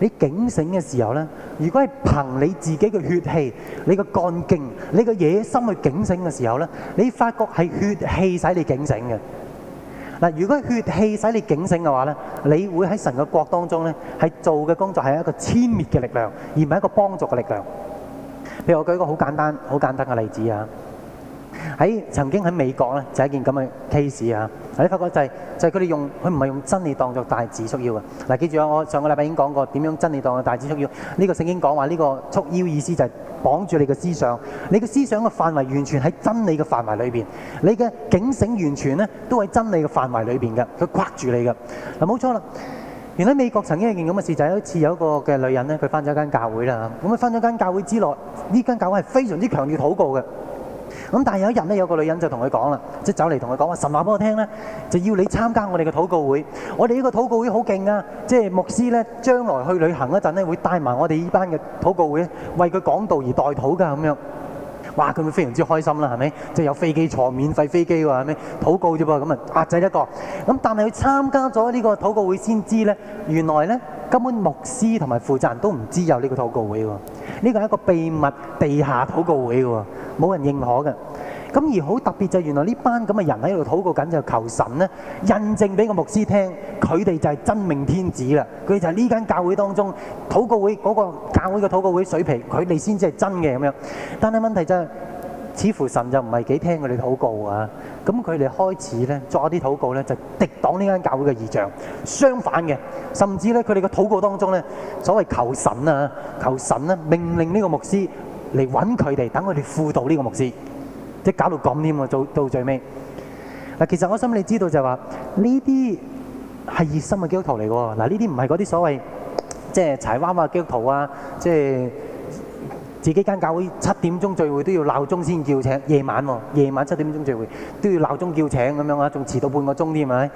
你警醒嘅時候呢，如果係憑你自己嘅血氣、你的幹勁、你的野心去警醒嘅時候呢，你發覺係血氣使你警醒嘅。如果血氣使你警醒嘅話呢，你會喺神嘅國當中呢，係做嘅工作係一個摧滅嘅力量，而唔係一個幫助嘅力量。譬如我舉一個好簡單、好簡單嘅例子啊。喺曾經喺美國咧，就係、一件咁嘅 case 啊！你發覺就係、係、就係佢哋用佢唔係用真理當作大指束腰嘅。嗱、啊，記住啊，我上個禮拜已經講過點樣真理當做大指束腰。呢、呢個聖經講話呢、呢個束腰意思就係綁住你嘅思想，你嘅思想嘅範圍完全喺真理嘅範圍裏邊，你嘅警醒完全咧都喺真理嘅範圍裏邊嘅，佢框住你嘅，嗱，冇錯啦。原來美國曾經有一件咁嘅事就係、係、有一次有一個嘅女人咧，佢返咗間教會啦，咁佢返咗間教會之內呢間教會係非常之強烈禱告嘅。但有，呢有一日有個女人就同佢講啦，即走嚟同佢講話，神話俾我聽呢，就要你參加我哋嘅禱告會。我哋呢個禱告會好勁噶，即、就是牧師呢將來去旅行嗰陣咧，會帶埋我哋這班嘅禱告會，為佢講道而代禱噶咁樣。哇！佢會非常之開心啦，係咪？即係有飛機坐，免費飛機喎，係咪？禱告啫噃，咁啊壓制一個。咁但係佢參加咗呢個禱告會先知呢，原來呢，根本牧師同埋負責人都唔知有呢個禱告會喎。呢個係一個秘密地下禱告會喎，冇人認可嘅。咁而好特別就係原來呢班咁嘅人喺度禱告緊，就求神咧印證俾個牧師聽，佢哋就係真命天子啦。佢哋就係呢間教會當中禱告會嗰個教會嘅禱告會水平，佢哋先至係真嘅咁樣。但係問題真係似乎神就唔係幾聽佢哋禱告啊。咁佢哋開始咧作啲禱告咧，就敵擋呢間教會嘅異象。相反嘅，甚至咧佢哋嘅禱告當中咧，所謂求神啊，求神啊，命令呢個牧師嚟揾佢哋，等佢哋輔導呢個牧師。搞到咁添喎，到到最尾嗱，其實我想你知道就係話呢啲係熱心嘅基督徒嚟喎，嗱呢啲唔係嗰啲所謂即係柴娃娃基督徒啊，即係。自己間教會七點鐘聚會都要鬧鐘先叫請，夜晚喎，夜晚七點鐘聚會都要鬧鐘叫請咁樣啊，仲遲到半個鐘添係咪？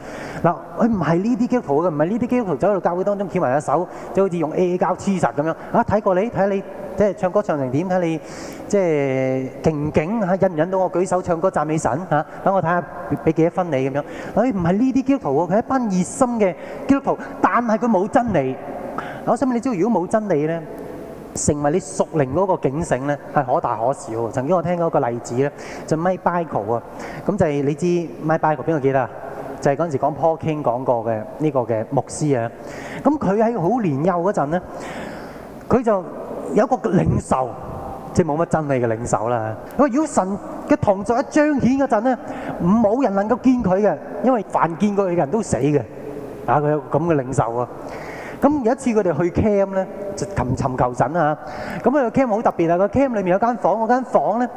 嗱，佢唔係呢啲基督徒嘅，唔係呢啲基督徒走喺度教會當中翹埋隻手，就好似用 AA 膠黐實咁樣。啊，睇過你，睇下你即係唱歌唱成點，睇下你即係勁唔勁嚇，引唔引到我舉手唱歌讚美神嚇，等我睇下俾幾多分你咁樣。佢唔係呢啲基督徒喎，佢一班熱心嘅基督徒，但係佢冇真理。我想問你知道如果冇真理咧？成為你屬靈嗰個警醒咧，係可大可小的。曾經我聽過一個例子咧，就 Michael 啊，咁就係、是、你知 Michael 邊個記得啊？就係嗰陣時候講 Paul King 講過嘅呢個嘅牧師啊。咁佢喺好年幼嗰陣咧，佢就有一個領受，即係冇乜真理嘅領受啦。因如果神嘅同在一彰顯嗰陣咧，冇人能夠見佢嘅，因為凡見過佢嘅人都死嘅。啊，佢有咁嘅領受啊！咁有一次佢哋去 camp 呢，尋尋求神啊！咁、那、佢個 camp 好特別啊，個 camp 裏面有間房，嗰間房咧，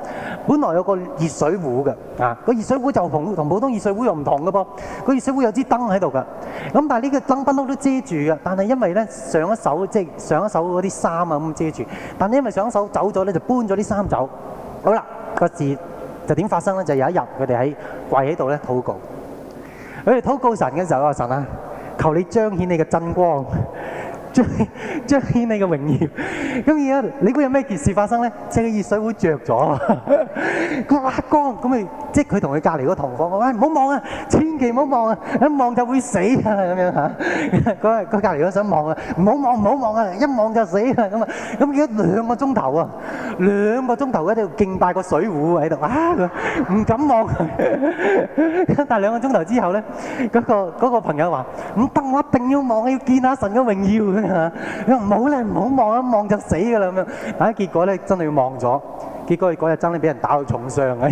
本來有個熱水壺嘅，啊，個熱水壺就同同普通熱水壺又唔同嘅噃、啊，個熱水壺有支燈喺度㗎。咁但係呢個燈不嬲都遮住嘅，但係因為咧上一手即係、即係、上一手嗰啲衫啊咁遮住。但係因為上一手走咗咧，就搬咗啲衫走。好啦，個事就點發生咧？就有一日佢哋喺跪喺度咧禱告，佢哋禱告神嘅時候個神啊！求你彰顯你嘅真光。彰顯你嘅榮耀，咁而家你估有咩件事發生咧？即係個熱水壺着咗啊！佢話黑光，咁咪即係佢同佢隔籬嗰堂房，我話唔好望啊！千祈唔好望啊！一望就會死啊！咁樣吓，嗰個嗰隔籬嗰想望啊，唔好望，唔好望啊！一望就死啦咁啊！咁見咗兩個鐘頭啊，兩個鐘頭喺度敬拜個水壺喺度啊，佢話唔敢望。但係兩個鐘頭之後咧，嗰個嗰個朋友話：唔得，我一定要望，要見下神嘅榮耀。你話唔好咧，唔好望，望一望就死噶啦咁樣。但係結果咧，真係要望咗，結果佢嗰日真係俾人打到重傷啊！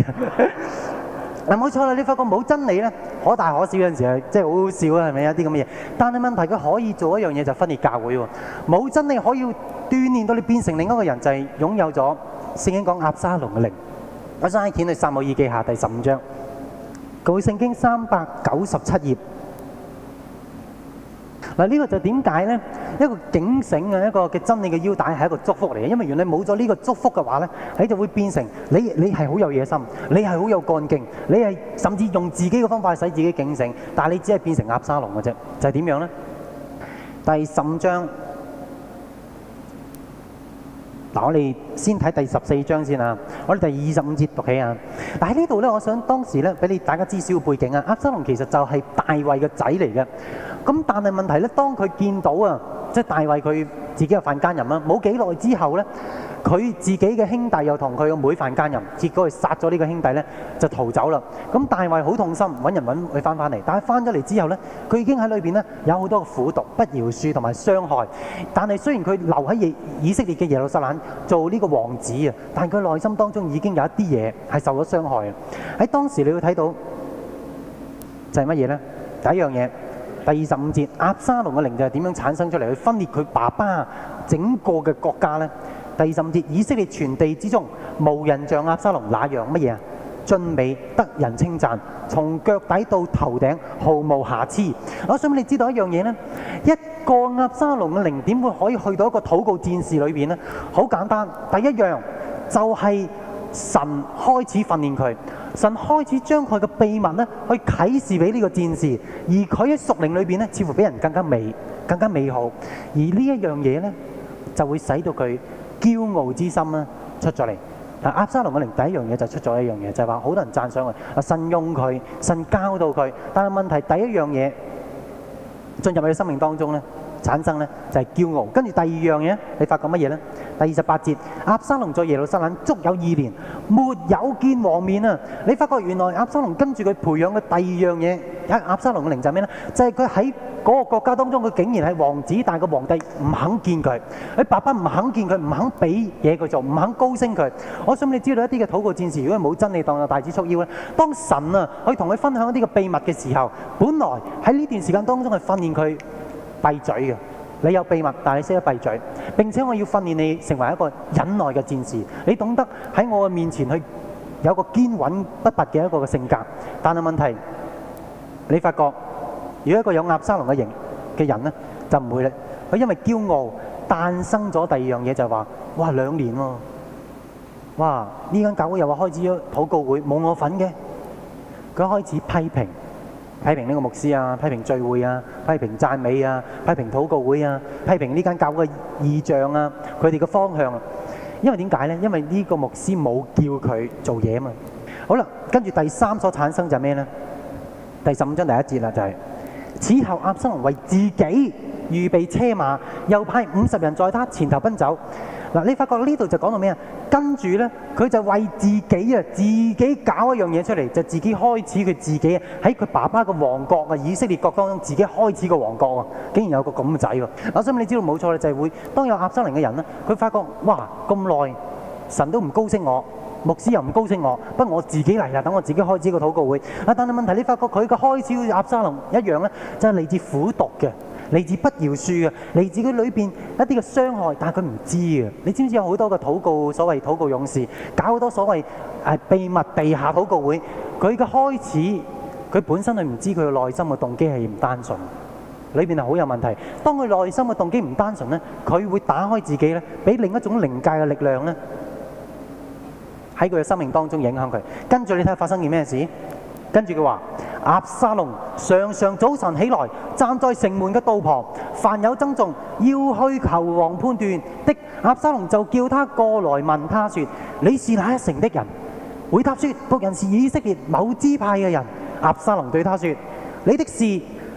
嗱，冇錯啦，你發覺冇真理咧，可大可小，有陣時係即係好好笑啦，係咪？有啲咁嘅嘢。但係問題，佢可以做一樣嘢，就是、分裂教會喎。冇真理可以鍛煉到你變成另一個人，就係、是、擁有咗聖經講押沙龍嘅靈。我想喺《簡去撒母耳記下第十五章，佢舊聖經三百九十七頁。嗱，呢個就點解呢？一個警醒嘅一個嘅真理嘅腰帶係一個祝福嚟嘅，因為原來冇咗呢個祝福嘅話呢，你就會變成你你係好有野心，你係好有幹勁，你係甚至用自己嘅方法使自己警醒，但係你只係變成鴨沙龍嘅啫。就係、是、點樣呢？第十五章。嗱，我哋先睇第十四章先啊，我哋第二十五節讀起啊。但喺呢度咧，我想當時咧，俾你大家知少個背景啊。阿撒龍其實就係大衛嘅仔嚟嘅，咁但係問題咧，當佢見到啊，即係大衛佢自己係犯奸淫啦，冇幾耐之後咧。佢自己嘅兄弟又同佢個妹犯奸淫，結果佢殺咗呢個兄弟咧，就逃走啦。咁大衛好痛心，揾人揾佢翻返嚟。但係翻咗嚟之後咧，佢已經喺裏邊咧有好多苦毒、不饒恕同埋傷害。但係雖然佢留喺以色列嘅耶路撒冷做呢個王子啊，但佢內心當中已經有一啲嘢係受咗傷害了。喺當時你會睇到就係乜嘢咧？第一樣嘢，第二十五節押沙龍嘅靈就係點樣產生出嚟去分裂佢爸爸整個嘅國家咧？第二甚至以色列全地之中，無人像押沙龍那樣乜嘢啊？俊美得人稱讚，從腳底到頭頂毫無瑕疵。我想俾你知道一樣嘢呢：一個押沙龍嘅靈點會可以去到一個禱告戰士裏邊呢？好簡單，第一樣就係、是、神開始訓練佢，神開始將佢嘅秘密呢去啟示俾呢個戰士，而佢喺屬靈裏邊呢，似乎俾人更加美、更加美好，而呢一樣嘢呢，就會使到佢。驕傲之心咧出咗嚟、就是，但阿沙龍嘅靈第一樣嘢就出咗一樣嘢，就係話好多人讚賞佢，阿信用佢，信交到佢，但係問題，第一樣嘢進入你生命當中咧。產生咧就係、是、驕傲，跟住第二樣嘢，你發覺乜嘢咧？第二十八節，押沙龍在耶路撒冷足有二年，沒有見王面啊！你發覺原來押沙龍跟住佢培養嘅第二樣嘢，押沙龍嘅靈就係咩咧？就係佢喺嗰個國家當中，佢竟然係王子，但個皇帝唔肯見佢，佢爸爸唔肯見佢，唔肯俾嘢佢做，唔肯高升佢。我想你知道一啲嘅禱告戰士，如果冇真理當有帶子束腰咧，當神啊可以同佢分享一啲嘅秘密嘅時候，本來喺呢段時間當中去訓練佢。閉嘴嘅，你有秘密，但係你識得閉嘴。並且我要訓練你成為一個忍耐嘅戰士。你懂得喺我嘅面前去有一個堅韌不拔嘅一個嘅性格。但係問題，你發覺如果一個有押沙龍嘅型嘅人咧，就唔會啦。佢因為驕傲誕生咗第二樣嘢，就係話：哇，兩年喎！哇，呢間教會又話開始咗禱告會，冇我份嘅。佢開始批評。批評呢個牧師啊，批評聚會啊，批評讚美啊，批評禱告會啊，批評呢間教會嘅意象啊，佢哋嘅方向啊。因為點解呢？因為呢個牧師冇叫佢做嘢啊嘛。好啦，跟住第三所產生就係咩呢？第十五章第一節啦，就係，就係此後押沙龍為自己預備車馬，又派五十人在他前頭奔走。你發覺呢度就講到咩啊？跟住呢，佢就為自己啊，自己搞一樣嘢出嚟，就自己開始佢自己喺佢爸爸個王國啊，以色列國當中自己開始個王國喎，竟然有個咁嘅仔喎。我相信你知道冇錯啦，就係、是、會當有押沙龍嘅人呢，佢發覺哇咁耐，神都唔高升我，牧師又唔高升我，不過我自己嚟啊，等我自己開始個禱告會啊。但係問題是你發覺佢嘅開始好似押沙龍一樣呢，就係、是、嚟自苦毒嘅。嚟自不饒恕嘅，嚟自佢裏面一啲嘅傷害，但係佢唔知道，你知唔知道有好多嘅禱告，所謂禱告勇士搞好多所謂、呃、秘密地下禱告會，佢嘅開始，佢本身佢唔知佢嘅內心嘅動機係唔單純，裏面係好有問題的。當佢內心嘅動機唔單純呢，佢會打開自己呢，俾另一種靈界嘅力量呢，喺佢嘅生命當中影響佢。跟住你睇發生咗咩事？跟住佢話：押沙龍常常早晨起來，站在城門嘅道旁，凡有爭訟，要去求王判斷的，押沙龍就叫他過來問他說：你是哪一城的人？回答說：僕人是以色列某支派嘅人。押沙龍對他說：你的事。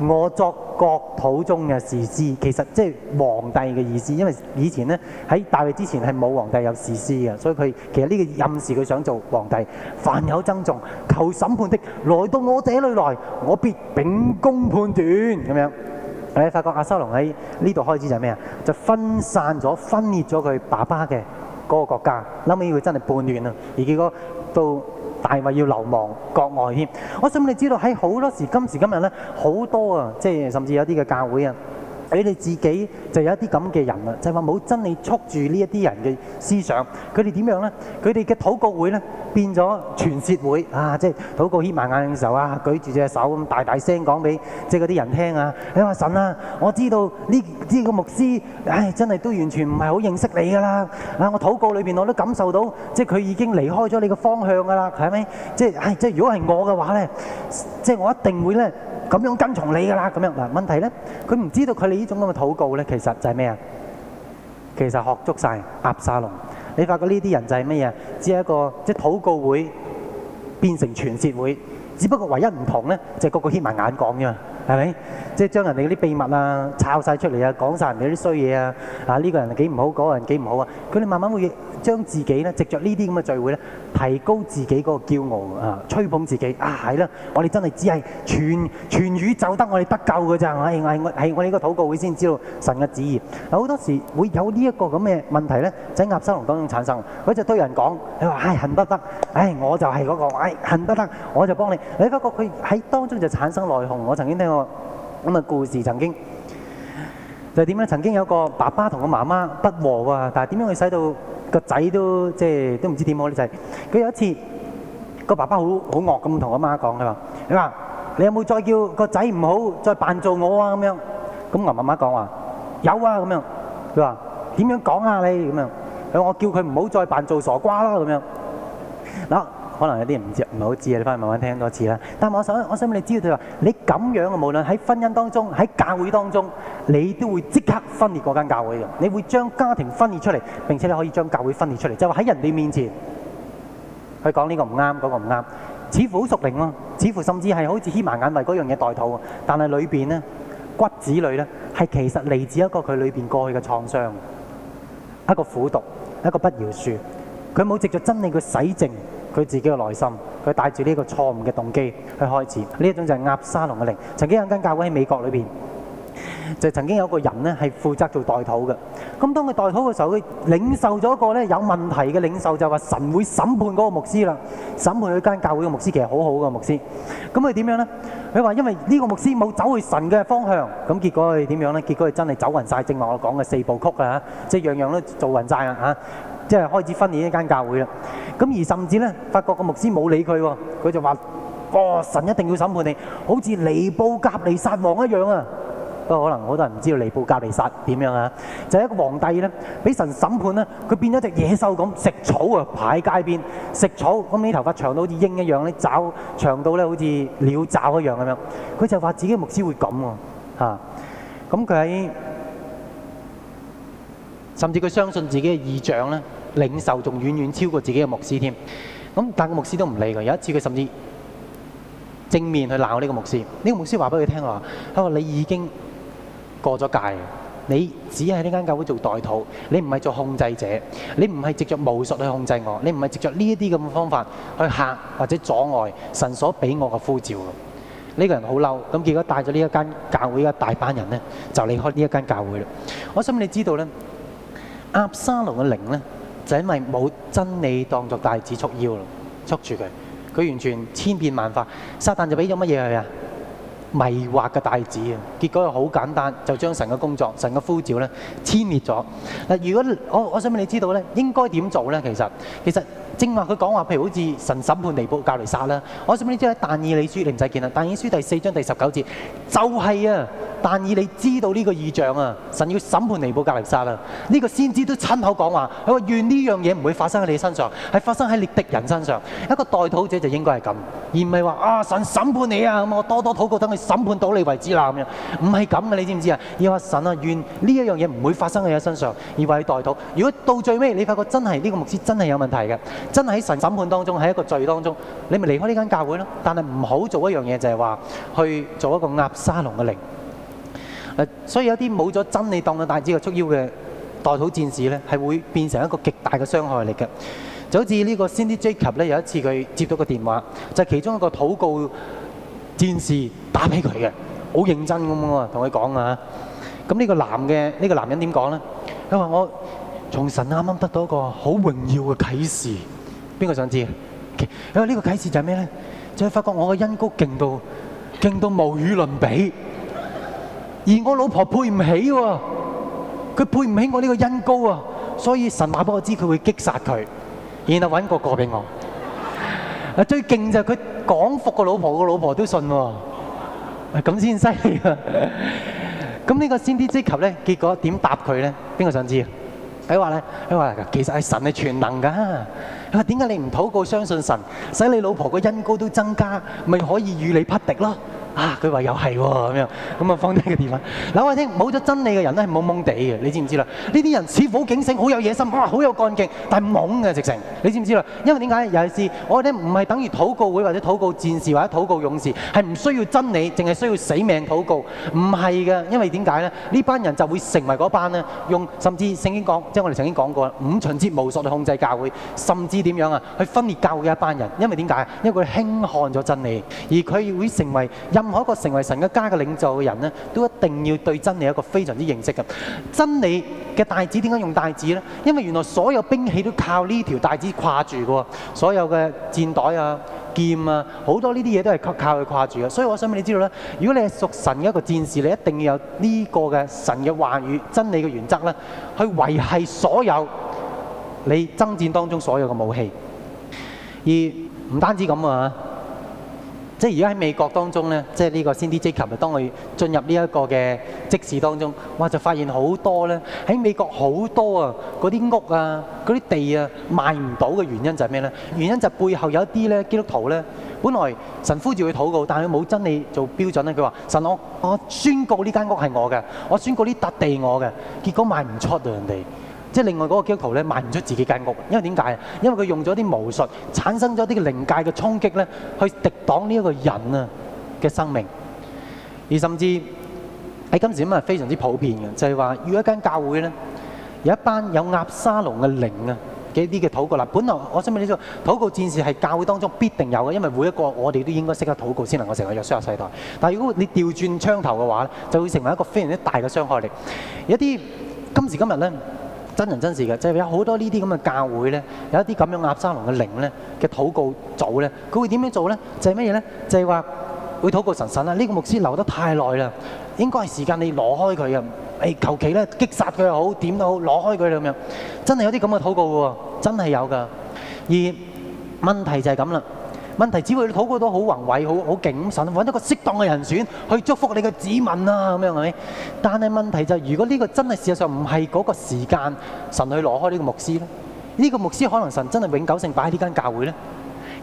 我作國土中嘅士師，其實即係皇帝嘅意思，因為以前咧喺大衛之前係冇皇帝有士師嘅，所以佢其實呢個任事佢想做皇帝。凡有爭訟，求審判的，來到我這裏來，我必秉公判斷。咁樣，你發覺押沙龍喺呢度開始就咩啊？就分散咗、分裂咗佢爸爸嘅嗰個國家。諗起佢真係叛亂啊，而結果到。大衛要流亡國外添，我想你知道喺好多時今時今日呢，好多啊，即甚至有啲嘅教會啊。佢哋自己就有一啲咁嘅人啦，就話、是、冇真係捉住呢一啲人嘅思想，佢哋點樣咧？佢哋嘅禱告會咧變咗傳説會啊！即係禱告瞌埋眼嘅時候啊，舉住隻手咁大大聲講俾即係嗰啲人聽啊！你話神啊，我知道呢呢、這個牧師唉、哎，真係都完全唔係好認識你噶啦啊！我禱告裏邊我都感受到，即係佢已經離開咗你嘅方向噶啦，係咪？即係唉、哎，即係如果係我嘅話咧，即係我一定會咧。這樣跟從你㗎啦，咁樣嗱問題咧，佢唔知道佢哋這種咁嘅禱告呢，其實就係咩啊？其實學足曬押沙龍，你發覺呢啲人就係咩嘢？只係一個即、就是、禱告會變成傳説會，只不過唯一唔同呢，就係、是、個個掀埋眼講嘛。係咪？即係將人哋嗰啲秘密啊，抄晒出嚟啊，講晒人哋啲衰嘢啊！啊呢、這個人幾唔好，嗰、那個人幾唔好啊！佢哋慢慢會將自己咧，藉着呢啲咁嘅聚會咧，提高自己嗰個驕傲啊，吹捧自己啊係啦！我哋真係只係全全宇宙我得我哋得救嘅咋！係係我係我哋呢個禱告會先知道神嘅旨意。好多時候會有呢一個咁嘅問題咧，喺押沙龍當中產生。佢就對人講：你話唉恨不得，唉、哎、我就係嗰、那個唉、哎、恨不得，我就幫你。你不過佢喺當中就產生內訌。我曾經聽過。咁啊故事曾經就點咧？曾經有個爸爸同個媽媽不和喎，但係點樣去使到個仔都即係都唔知點好呢？就係佢有一次個爸爸好好惡咁同阿媽講噶，你話你有冇再叫個仔唔好再扮做我啊？咁樣咁我媽媽講話有啊咁樣。佢話點樣講啊你咁樣？佢話我叫佢唔好再扮做傻瓜啦咁樣。嗱可能有啲唔知不知道你翻去慢慢聽多次啦。但我想，我想你知道，佢話你咁樣，無論喺婚姻當中，喺教會當中，你都會即刻分裂嗰間教會嘅。你會將家庭分裂出嚟，並且你可以將教會分裂出嚟，就係喺人哋面前去講呢個唔啱，嗰個唔啱，似乎好熟練咯，似乎甚至係好似欺盲眼為嗰樣嘢代禱。但係裏面呢，骨子裏呢，係其實嚟自一個佢裏面過去嘅創傷，一個苦讀，一個不饒恕。佢冇藉著真理去洗淨。佢自己嘅內心，佢帶住呢一個錯誤嘅動機去開始，呢一種就係押沙龍嘅靈。曾經有間教會喺美國裏邊，就曾經有個人呢係負責做代禱嘅。咁當佢代禱嘅時候，佢領受咗一個呢有問題嘅領受，就話神會審判嗰個牧師啦。審判佢間教會嘅，牧師其實好好嘅牧師。咁佢點樣呢？佢話因為呢個牧師冇走去神嘅方向，咁結果佢點樣呢？結果佢真係走勻曬，正如，我講嘅四部曲啊，即係樣樣都做勻曬啊！啊～即係開始分裂一間教會啦，咁而甚至咧，發覺個牧師冇理佢喎、哦，佢就話，哦，神一定要審判你，好似尼布甲尼撒王一樣啊！不過可能好多人唔知道尼布甲尼撒點樣啊，就係、是、一個皇帝咧，俾神審判咧，佢變咗隻野獸咁，食草啊，排喺街邊，食草，咁啲頭髮長到好似鷹一樣，啲爪長到咧好似鳥爪一樣咁樣，佢就話自己嘅牧師會咁喎、啊，嚇、啊，咁佢喺，甚至佢相信自己嘅意象咧。領受仲遠遠超過自己嘅牧師添，咁但個牧師都唔理佢。有一次佢甚至正面去鬧呢個牧師。呢個牧師話俾佢聽話，佢話你已經過咗界你只係呢間教會做代禱，你唔係做控制者，你唔係藉着巫術去控制我，你唔係藉着呢一啲咁嘅方法去嚇或者阻礙神所俾我嘅呼召。呢個人好嬲，咁結果帶咗呢一間教會嘅大班人呢就離開呢一間教會啦。我想你知道呢，押沙龍嘅靈呢。就因為冇真理當作帶子束腰咯，束住佢，佢完全千變萬化。撒旦就俾咗乜嘢佢啊？迷惑嘅帶子啊！結果又好簡單，就將神嘅工作、神嘅呼召咧，殲滅咗。嗱，如果我我想問你知道咧，應該點做咧？其實其實正話佢講話，譬如好似神審判尼布甲尼撒啦，我想問你知道喺但以理書你唔使見啦，但以理書第四章第十九節就係、是、啊！但以你知道呢個異象啊，神要審判尼布甲尼撒啊。呢個先知都親口講話：，佢話願呢樣嘢唔會發生喺你身上，係發生喺你敵人身上。一個代禱者就應該係咁，而唔係話啊神審判你啊，咁我多多禱告，等佢審判到你為止啦。咁樣唔係咁嘅，你知唔知啊？要話神啊，願呢一樣嘢唔會發生喺你身上，而為代禱。如果到最尾你發覺真係呢個牧師真係有問題嘅，真係喺神審判當中喺一個罪當中，你咪離開呢間教會咯。但係唔好做一樣嘢，就係話去做一個押沙龍嘅靈。所以有啲冇咗真理當嘅帶子嘅束腰嘅代禱戰士咧，係會變成一個極大嘅傷害力嘅。就好似呢個 Cindy Jacobs 咧，有一次佢接到個電話，就係其中一個禱告戰士打俾佢嘅，好認真咁啊，同佢講啊。咁呢個男嘅呢個男人點講咧？佢話我從神啱啱得到一個好榮耀嘅啟示。邊個想知？因為呢個啟示就係咩咧？就係發覺我嘅恩膏勁到勁到無與倫比。而我老婆配唔起喎，佢配唔起我呢個恩高啊，所以神話俾我知佢會擊殺佢，然後揾個個俾我。啊最勁就係佢講服個老婆，個老婆都信喎，咁先犀利啊！咁呢個先知之求咧，結果點答佢咧？邊個想知啊？佢話咧，佢話其實係神係全能噶。佢話點解你唔禱告相信神，使你老婆個恩高都增加，咪可以與你匹敵咯？啊！佢話又係喎咁樣，咁啊放低個電話。嗱，我哋聽冇咗真理嘅人咧係懵懵地嘅，你知唔知啦？呢啲人似乎好警醒，好有野心，哇！好有幹勁，但係懵嘅直情。你知唔知啦？因為點解？尤其是我哋唔係等於禱告會或者禱告戰士或者禱告勇士，係唔需要真理，淨係需要死命禱告。唔係嘅，因為點解咧？呢班人就會成為嗰班咧，用甚至聖經講，即係我哋曾經講過五旬節無數去控制教會，甚至點樣啊？去分裂教會嘅一班人，因為點解？因為佢輕看咗真理，而佢會成為任何一個成為神嘅家嘅領袖嘅人呢，都一定要對真理一個非常之認識嘅。真理嘅帶子，點解用帶子呢？因為原來所有兵器都靠呢條帶子掛住嘅，所有嘅箭袋啊、劍啊，好多呢啲嘢都係靠佢掛住嘅。所以我想俾你知道咧，如果你係屬神嘅一個戰士，你一定要有呢個嘅神嘅話語、真理嘅原則呢，去維繫所有你爭戰當中所有嘅武器。而唔單止咁啊！即係而家喺美國當中咧，即係呢個 Cindy Jacobs 當佢進入呢一個嘅即時當中，哇！就發現好多咧，喺美國好多啊，嗰啲屋啊、嗰啲地啊，賣唔到嘅原因就係咩咧？原因就係背後有一啲咧基督徒咧，本來神呼住佢禱告，但係佢冇真理做標準咧。佢話神，我我宣告呢間屋係我嘅，我宣告呢笪地我嘅，結果賣唔出啊人哋。即係另外嗰個基督徒咧賣唔出自己間屋，因為點解啊？因為佢用咗啲巫術，產生咗啲嘅靈界嘅衝擊咧，去敵擋呢一個人啊嘅生命。而甚至喺今時今日非常之普遍嘅就係、是、話，要一間教會咧有一班有押沙龍嘅靈啊嘅啲嘅禱告啦。本來我想問你，呢個禱告戰士係教會當中必定有嘅，因為每一個我哋都應該識得禱告先能夠成為約書亞世代。但係如果你調轉槍頭嘅話咧，就會成為一個非常之大嘅傷害力。有一啲今時今日咧。真人真事嘅，就係、有好多呢啲咁嘅教會咧，有一啲咁樣嘅鴨山龍嘅靈呢嘅禱告組咧，佢會點樣做呢？就係乜嘢呢？就係、是、話會禱告神神啦，呢、這個牧師留得太耐喇，應該係時間你攞開佢呀誒，求其呢，擊殺佢又好，點都好，攞開佢咁樣，真係有啲咁樣嘅禱告喎，真係有㗎。而問題就係咁啦。問題只會禱告到好宏偉、好好謹慎，揾一個適當嘅人選去祝福你嘅子民啊，咁樣係咪？但係問題就係、是，如果呢個真係事實上唔係嗰個時間，神去攞開呢個牧師咧，呢、這個牧師可能神真係永久性擺喺呢間教會咧，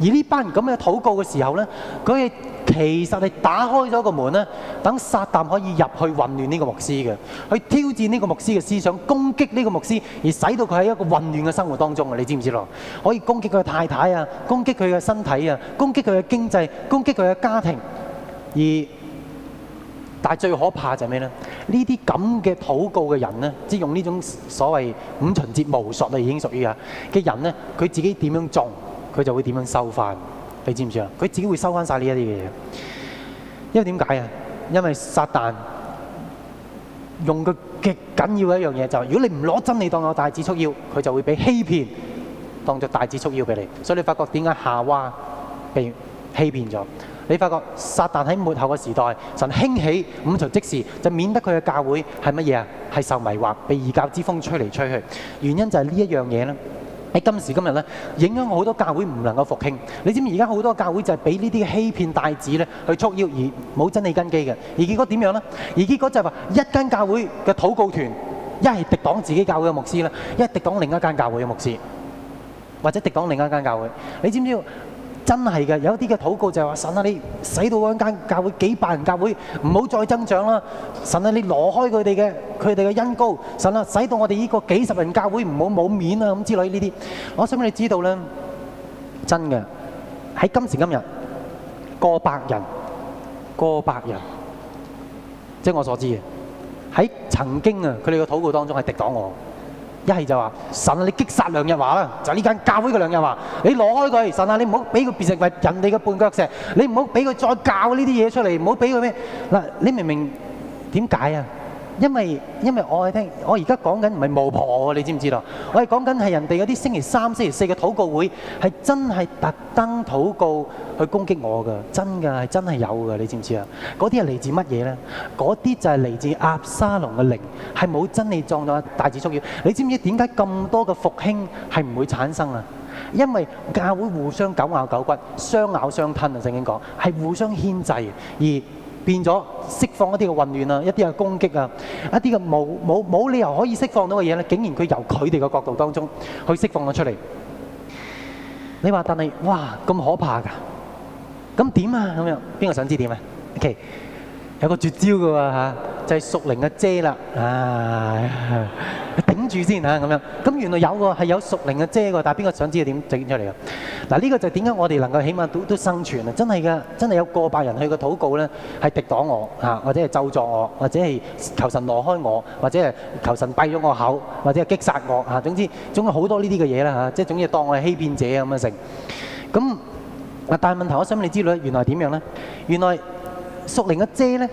而呢班人咁樣禱告嘅時候咧，佢其實係打開咗個門咧，等撒旦可以入去混亂呢個牧師嘅，去挑戰呢個牧師嘅思想，攻擊呢個牧師，而使到佢喺一個混亂嘅生活當中啊！你知唔知咯？可以攻擊佢嘅太太啊，攻擊佢嘅身體啊，攻擊佢嘅經濟，攻擊佢嘅家庭。而但係最可怕就係咩呢？呢啲咁嘅禱告嘅人呢，即係用呢種所謂五旬節巫術啊，已經屬於啊嘅人呢，佢自己點樣種，佢就會點樣收返。你知唔知啊？佢自己會收翻晒呢一啲嘅嘢，因為點解啊？因為撒旦用個極緊要嘅一樣嘢，就係如果你唔攞真理當我大指束腰，佢就會俾欺騙當作大指束腰俾你。所以你發覺點解夏娃被欺騙咗？你發覺撒旦喺末後嘅時代，神興起五旬即時，就免得佢嘅教會係乜嘢啊？係受迷惑，被異教之風吹嚟吹去。原因就係呢一樣嘢啦。喺今時今日呢，影響好多教會唔能夠復興。你知唔知而家好多教會就係俾呢啲欺騙帶子呢去束邀，而冇真理根基嘅。而結果點樣呢？而結果就係話一間教會嘅禱告團，一係敵黨自己教會嘅牧師，一係敵黨另一間教會嘅牧師，或者敵黨另一間教會。你知唔知？真係嘅，有一啲嘅禱告就係、是、話：神啊，你使到嗰間教會幾百人教會唔好再增長啦！神啊，你攞開佢哋嘅佢哋嘅恩膏；神啊，使到我哋呢個幾十人教會唔好冇面啊咁之類呢啲。我想俾你知道咧，真嘅喺今時今日，過百人過百人，即係我所知嘅喺曾經啊，佢哋嘅禱告當中係敵擋我。一係就話神啊，你擊殺梁日華啦，就呢、是、間教會嘅梁日華，你攞開佢！神啊，你唔好俾佢變成為人哋嘅絆腳石，你唔好俾佢再教呢啲嘢出嚟，唔好俾佢咩嗱！你明明點解啊？為什麼因為因為我係聽，我而家講緊唔係巫婆喎，你知唔知道？我係講緊係人哋嗰啲星期三、星期四嘅禱告會，係真係特登禱告去攻擊我嘅，真嘅係真係有嘅，你知唔知啊？嗰啲係嚟自乜嘢呢？嗰啲就係嚟自押沙龍嘅靈，係冇真理撞到大字縮語。你知唔知點解咁多嘅復興係唔會產生啊？因為教會互相狗咬狗骨，相咬相吞啊！正經講係互相牽制而。變咗釋放一啲嘅混亂啊，一啲嘅攻擊啊，一啲嘅冇冇冇理由可以釋放到嘅嘢咧，竟然佢由佢哋嘅角度當中去釋放咗出嚟。你話但係哇咁可怕㗎，咁點啊咁樣？邊個想知點啊？OK，有個絕招㗎喎嚇，就係屬靈嘅遮啦。啊！住先嚇咁樣，咁原來有喎，係有屬靈嘅遮喎，但係邊個想知道點整出嚟嘅？嗱呢個就點解我哋能夠起碼都都生存啊？真係嘅，真係有過百人去個禱告咧，係敵擋我嚇，或者係咒詛我，或者係求神挪開我，或者係求神閉咗我口，或者係擊殺我嚇。總之總有好多呢啲嘅嘢啦嚇，即係總之當我係欺騙者咁樣成。咁啊，但係問題我想你知道原來點樣咧？原來屬靈嘅遮咧。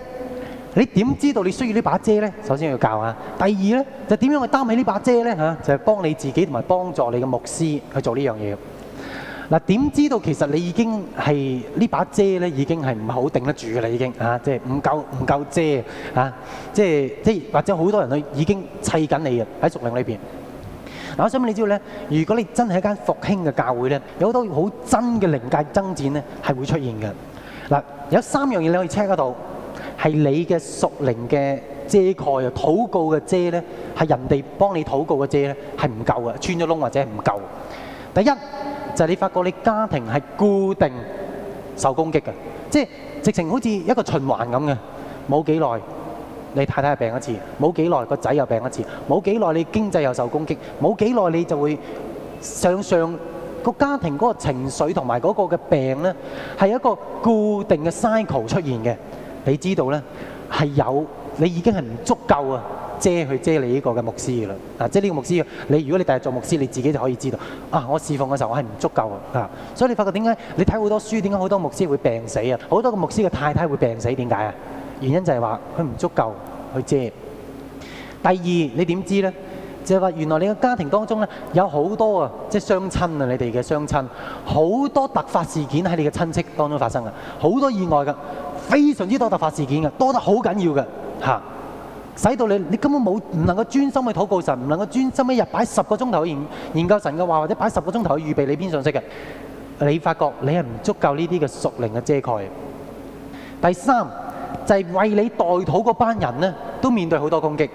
你點知道你需要呢把遮呢？首先要教啊。第二呢，就點樣去擔起呢把遮呢？嚇？就係、是、幫你自己同埋幫助你嘅牧師去做呢樣嘢。嗱、啊，點知道其實你已經係呢把遮呢？已經係唔係好頂得住嘅啦，啊就是不不啊就是、已經嚇，即係唔夠唔夠遮啊，即係即係或者好多人都已經砌緊你嘅喺屬靈裏邊。嗱，我想問你知道呢，如果你真係一間復興嘅教會呢，有好多好真嘅靈界爭戰呢係會出現嘅。嗱、啊，有三樣嘢你可以 check 得到。係你嘅屬靈嘅遮蓋啊，禱告嘅遮咧，係人哋幫你禱告嘅遮咧，係唔夠嘅，穿咗窿或者唔夠。第一就係你發覺你家庭係固定受攻擊嘅，即係直情好似一個循環咁嘅。冇幾耐，你太太又病一次；冇幾耐個仔又病一次；冇幾耐你經濟又受攻擊；冇幾耐你就會上上個家庭嗰個情緒同埋嗰個嘅病咧，係一個固定嘅 cycle 出現嘅。你知道呢，係有你已經係唔足夠啊，遮去遮你呢個嘅牧師嘅啦。啊，即係呢個牧師，你如果你第日做牧師，你自己就可以知道。啊，我侍奉嘅時候我係唔足夠啊。所以你發覺點解，你睇好多書，點解好多牧師會病死啊？好多個牧師嘅太太會病死，點解啊？原因就係話佢唔足夠去遮。第二，你點知呢？就係話原來你嘅家庭當中呢，有好多啊，即係雙親啊，你哋嘅雙親，好多突發事件喺你嘅親戚當中發生啊，好多意外㗎。非常之多突發事件嘅，多得好緊要嘅，嚇！使到你你根本冇唔能夠專心去禱告神，唔能夠專心一日擺十個鐘頭去研研究神嘅話，或者擺十個鐘頭去預備你篇信息嘅，你發覺你係唔足夠呢啲嘅屬靈嘅遮蓋。第三就係、是、為你代禱嗰班人呢，都面對好多攻擊。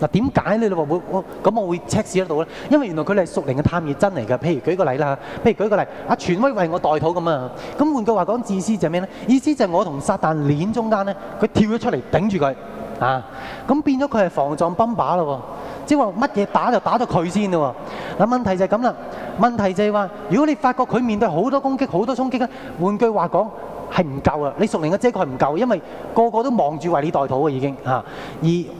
嗱，點解你話會我咁、哦、我會測試得到咧？因為原來佢哋係屬靈嘅探熱針嚟㗎。譬如舉個例啦，譬如舉個例，阿、啊、全威為我代禱咁啊。咁換句話講，自私就係咩咧？意思就係我同撒但鏈中間咧，佢跳咗出嚟頂住佢啊。咁變咗佢係防撞泵把啦喎。即係話乜嘢打就打咗佢先啦喎。嗱，問題就係咁啦。問題就係話、就是，如果你發覺佢面對好多攻擊、好多衝擊咧，換句話講係唔夠啊。你屬靈嘅遮蓋唔夠，因為個個都望住為你代禱啊，已經嚇而。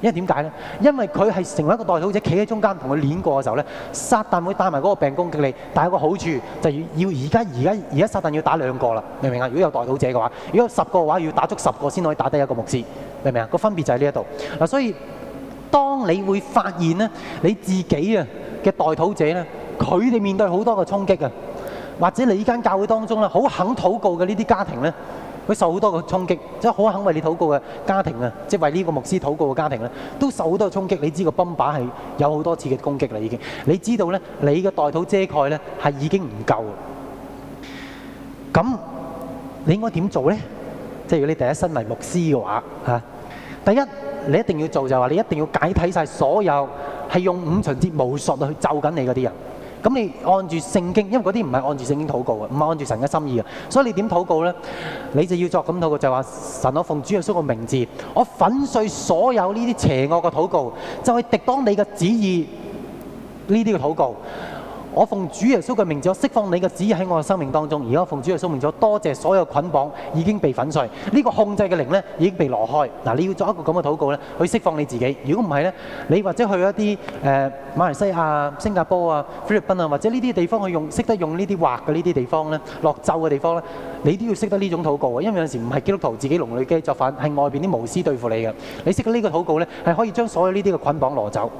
因為點解呢？因為佢係成為一個代禱者，企喺中間同佢攣過嘅時候呢，撒旦會帶埋嗰個病攻擊你。但係個好處就要而家而家而家撒旦要打兩個啦，明唔明啊？如果有代禱者嘅話，如果有十個嘅話，要打足十個先可以打低一個牧師，明唔明啊？個分別就喺呢一度嗱，所以當你會發現呢，你自己啊嘅代禱者呢，佢哋面對好多嘅衝擊啊，或者你呢間教會當中啦，好肯禱告嘅呢啲家庭呢。佢受好多個衝擊，即係好肯為你禱告嘅家庭啊，即係為呢個牧師禱告嘅家庭咧，都受好多個衝擊。你知個 bombard 係有好多次嘅攻擊啦，已經。你知道咧，你嘅代禱遮蓋咧係已經唔夠。咁你應該點做咧？即係如果你第一身為牧師嘅話嚇，第一你一定要做就係話你一定要解體晒所有係用五旬節巫術去咒緊你嗰啲人。咁你按住聖經，因為嗰啲唔係按住聖經禱告嘅，唔係按住神嘅心意嘅，所以你點禱告呢？你就要作咁禱告，就話、是、神，我奉主耶穌嘅名字，我粉碎所有呢啲邪惡嘅禱告，就去、是、敵當你嘅旨意，呢啲嘅禱告。我奉主耶穌嘅名字，我釋放你嘅子喺我嘅生命當中。而家奉主耶穌名字，我多謝所有捆綁已經被粉碎，呢個控制嘅靈咧已經被挪開。嗱，你要作一個咁嘅禱告咧，去釋放你自己。如果唔係咧，你或者去一啲誒馬來西亞、新加坡啊、菲律賓啊，或者呢啲地方去用，識得用呢啲畫嘅呢啲地方咧，落咒嘅地方咧。你都要識得呢種禱告，因為有陣時唔係基督徒自己龍女基作反，係外面啲巫師對付你的。你識得這個呢個禱告是係可以將所有呢啲嘅捆綁攞走。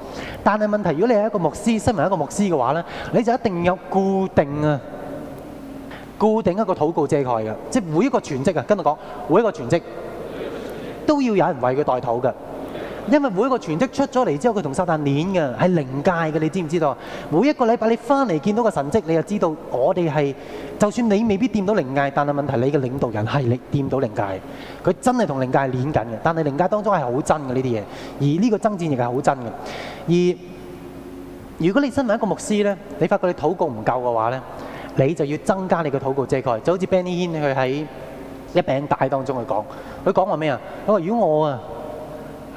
但係問題，如果你係一個牧師，身為一個牧師嘅話，你就一定要固定啊，固定一個禱告遮蓋嘅，即係每一個全職啊，跟我講，每一個全職都要有人為佢代禱嘅。因為每一個全職出咗嚟之後，佢同撒旦攣嘅，係靈界嘅，你知唔知道？每一個禮拜你翻嚟見到個神跡，你就知道我哋係，就算你未必掂到靈界，但係問題是你嘅領導人係你掂到靈界，佢真係同靈界攣緊嘅。但係靈界當中係好真嘅呢啲嘢，而呢個爭戰亦係好真嘅。而如果你身為一個牧師呢，你發覺你禱告唔夠嘅話呢，你就要增加你嘅禱告遮蓋。就好似 Benny Hinn 佢喺一餅帶當中去講，佢講話咩啊？佢話如果我啊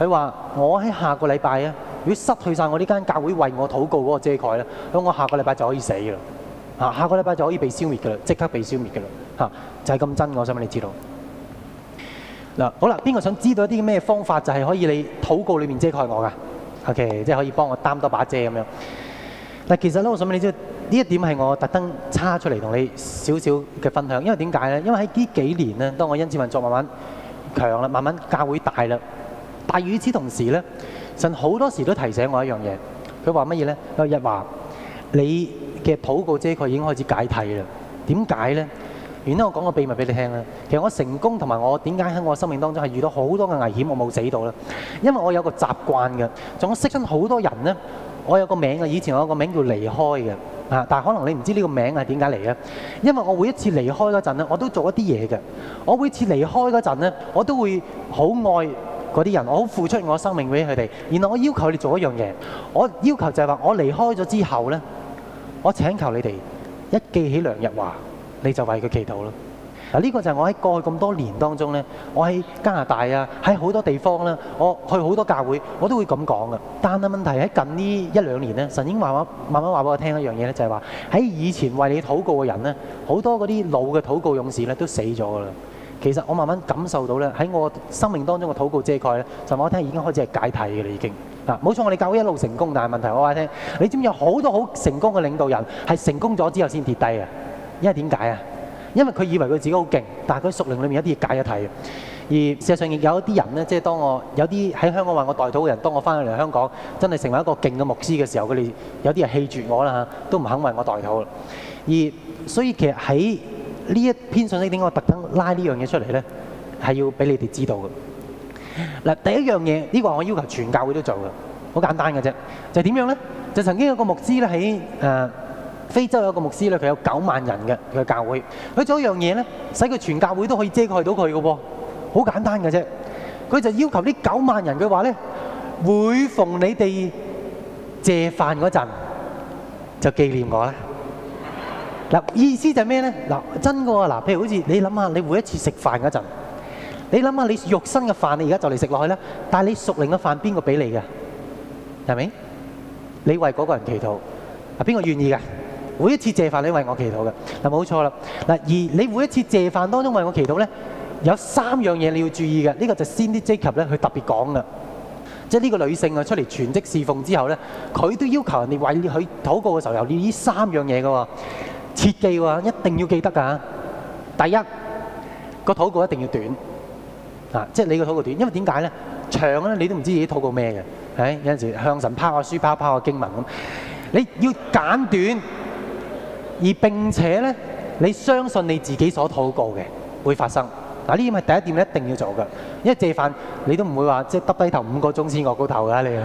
佢話：我喺下個禮拜啊！如果失去晒我呢間教會為我禱告嗰個遮蓋咧，咁我下個禮拜就可以死啦！嚇，下個禮拜就可以被消滅嘅啦，即刻被消滅嘅啦嚇，就係咁真。我想問你知道嗱好啦，邊個想知道一啲咩方法就係可以你禱告裡面遮蓋我噶？OK，即係可以幫我擔多把遮咁樣。嗱，其實咧，我想問你知呢一點係我特登叉出嚟同你少少嘅分享，因為點解咧？因為喺呢幾年咧，當我恩賜運作慢慢強啦，慢慢教會大啦。但係與此同時咧，神好多時都提醒我一樣嘢。佢話乜嘢咧？日華，你嘅禱告遮蓋已經開始解體啦。點解咧？原因我講個秘密俾你聽啦。其實我成功同埋我點解喺我生命當中係遇到好多嘅危險，我冇死到啦。因為我有一個習慣嘅，仲有識咗好多人咧。我有個名嘅，以前我有個名叫離開嘅。啊，但係可能你唔知呢個名係點解嚟嘅。因為我每一次離開嗰陣咧，我都做一啲嘢嘅。我每次離開嗰陣咧，我都會好愛。嗰啲人，我好付出我生命俾佢哋，然後我要求你做一樣嘢，我要求就係話，我離開咗之後呢，我請求你哋一記起梁日華，你就為佢祈禱啦。嗱，呢個就係我喺過去咁多年當中呢，我喺加拿大啊，喺好多地方咧、啊，我去好多教會，我都會咁講噶。但係問題喺近呢一兩年呢，神已經慢慢慢慢話俾我聽一樣嘢呢，就係話喺以前為你禱告嘅人呢，好多嗰啲老嘅禱告勇士呢，都死咗噶啦。其實我慢慢感受到咧，喺我生命當中嘅禱告遮蓋咧，就話我聽已經開始係解體嘅啦，已經啊，冇錯，我哋教會一路成功，但係問題我話你聽，你知唔知有好多好成功嘅領導人係成功咗之後先跌低嘅？因為點解啊？因為佢以為佢自己好勁，但係佢屬靈裡面有一啲嘢解咗體。而事實上亦有一啲人咧，即係當我有啲喺香港為我代禱嘅人，當我翻去嚟香港真係成為一個勁嘅牧師嘅時候，佢哋有啲係棄絕我啦，都唔肯為我代禱。而所以其實喺呢一篇信息點解我特登拉呢樣嘢出嚟咧？係要俾你哋知道嘅。嗱，第一樣嘢，呢個我要求全教會都做嘅，好簡單嘅啫。就點樣咧？就曾經有個牧師咧，喺誒非洲有個牧師咧，佢有九萬人嘅佢教會。佢做一樣嘢咧，使佢全教會都可以遮蓋到佢嘅喎。好簡單嘅啫。佢就要求呢九萬人嘅話咧，每逢你哋借飯嗰陣，就紀念我啦。嗱，意思就係咩呢？嗱，真個喎，嗱，譬如好似你諗下，你每一次食飯嗰陣，你諗下你肉身嘅飯，你而家就嚟食落去咧。但係你屬靈嘅飯給的，邊個俾你嘅？係咪？你為嗰個人祈禱，嗱，邊個願意嘅？每一次謝飯，你為我祈禱嘅。嗱，冇錯啦。嗱，而你每一次謝飯當中為我祈禱呢，有三樣嘢你要注意嘅。呢、呢個就係 Cindy Jacobs 咧，佢特別講嘅，即係呢個女性啊，出嚟全職侍奉之後呢，佢都要求人哋為佢去禱告嘅時候，又要呢三樣嘢嘅喎。切記喎，一定要記得㗎。第一個禱告一定要短，啊，即係你個禱告短，因為點解咧？長咧，你都唔知自己禱告咩嘅。係有陣時向神拋下書包、拋下經文咁。你要簡短，而並且咧，你相信你自己所禱告嘅會發生。嗱，呢啲係第一點，你一定要做㗎。因為謝飯，你都唔會話即係耷低頭五個鐘先擱高頭㗎。你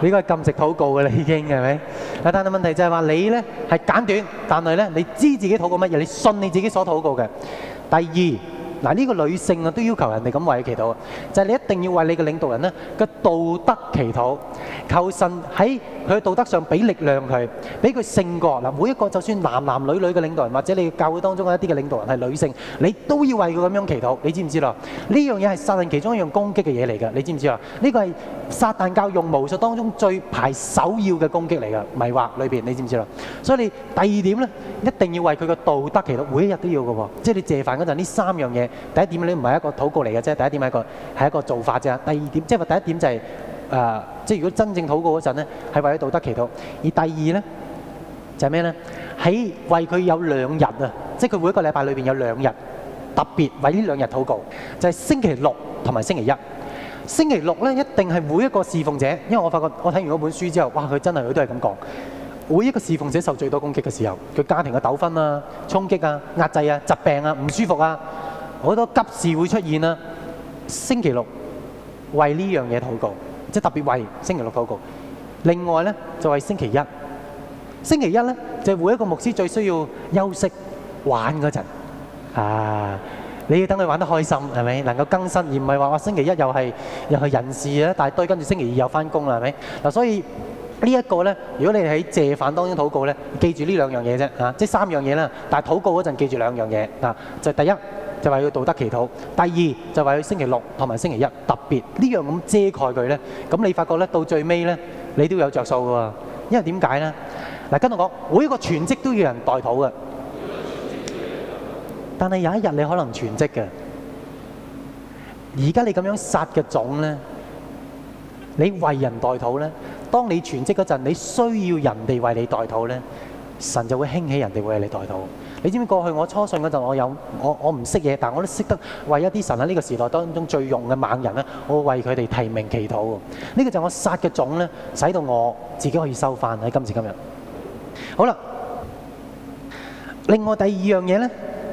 你應該係禁食禱告嘅啦，你已經係咪？但係問題就係話你呢是係簡短，但係你知自己禱告乜嘢，你信你自己所禱告嘅，第二。嗱呢個女性啊，都要求人哋咁為佢祈禱，就係你一定要為你嘅領導人咧嘅道德祈禱，求神喺佢道德上俾力量佢，俾佢勝過。嗱每一個就算男男女女嘅領導人，或者你教會當中一啲嘅領導人係女性，你都要為佢咁樣祈禱。你知唔知咯？呢樣嘢係撒但其中一樣攻擊嘅嘢嚟嘅，你知唔知啊？呢個係撒但教用巫術當中最排首要嘅攻擊嚟嘅，迷惑裏邊你知唔知咯？所以你第二點咧，一定要為佢嘅道德祈禱，每一日都要嘅喎，即係你謝飯嗰陣呢三樣嘢。第一點你唔係一個禱告嚟嘅啫。第一點係一個係一個做法啫。第二點，即係話第一點就係誒、呃，即係如果真正禱告嗰陣咧，係為咗道德祈禱。而第二咧就係咩咧？喺為佢有兩日啊，即係佢每一個禮拜裏邊有兩日特別為呢兩日禱告，就係星期六同埋星期一。星期六咧一定係每一個侍奉者，因為我發覺我睇完嗰本書之後，哇！佢真係佢都係咁講。每一個侍奉者受最多攻擊嘅時候，佢家庭嘅糾紛啊、衝擊啊、壓制啊、疾病啊、唔舒服啊。好多急事會出現啦。星期六為呢樣嘢禱告，即係特別為星期六禱告。另外咧就係星期一，星期一咧就係每一個牧師最需要休息玩嗰陣啊！你要等佢玩得開心係咪？能夠更新，而唔係話我星期一又係又係人事啊，大堆跟住星期二又返工啦係咪嗱？所以呢一個咧，如果你喺借飯當中禱告咧，記住呢兩樣嘢啫啊！即係三樣嘢啦，但係禱告嗰陣記住兩樣嘢啊，就係第一。就話要道德祈禱。第二就話要星期六同埋星期一特別呢樣咁遮蓋佢呢。咁你發覺呢，到最尾呢，你都有着數㗎喎。因為點解呢？嗱，跟我講，每一個全職都要人代禱嘅。但係有一日你可能全職嘅。而家你咁樣殺嘅種呢，你為人代禱呢，當你全職嗰陣，你需要人哋為你代禱呢，神就會興起人哋為你代禱。你知唔知過去我初信嗰陣，我有我我唔識嘢，但我都識得為一啲神喺呢個時代當中最勇嘅猛人咧，我為佢哋提名祈禱。呢個就係我撒嘅種咧，使到我自己可以收翻喺今時今日。好啦，另外第二樣嘢咧，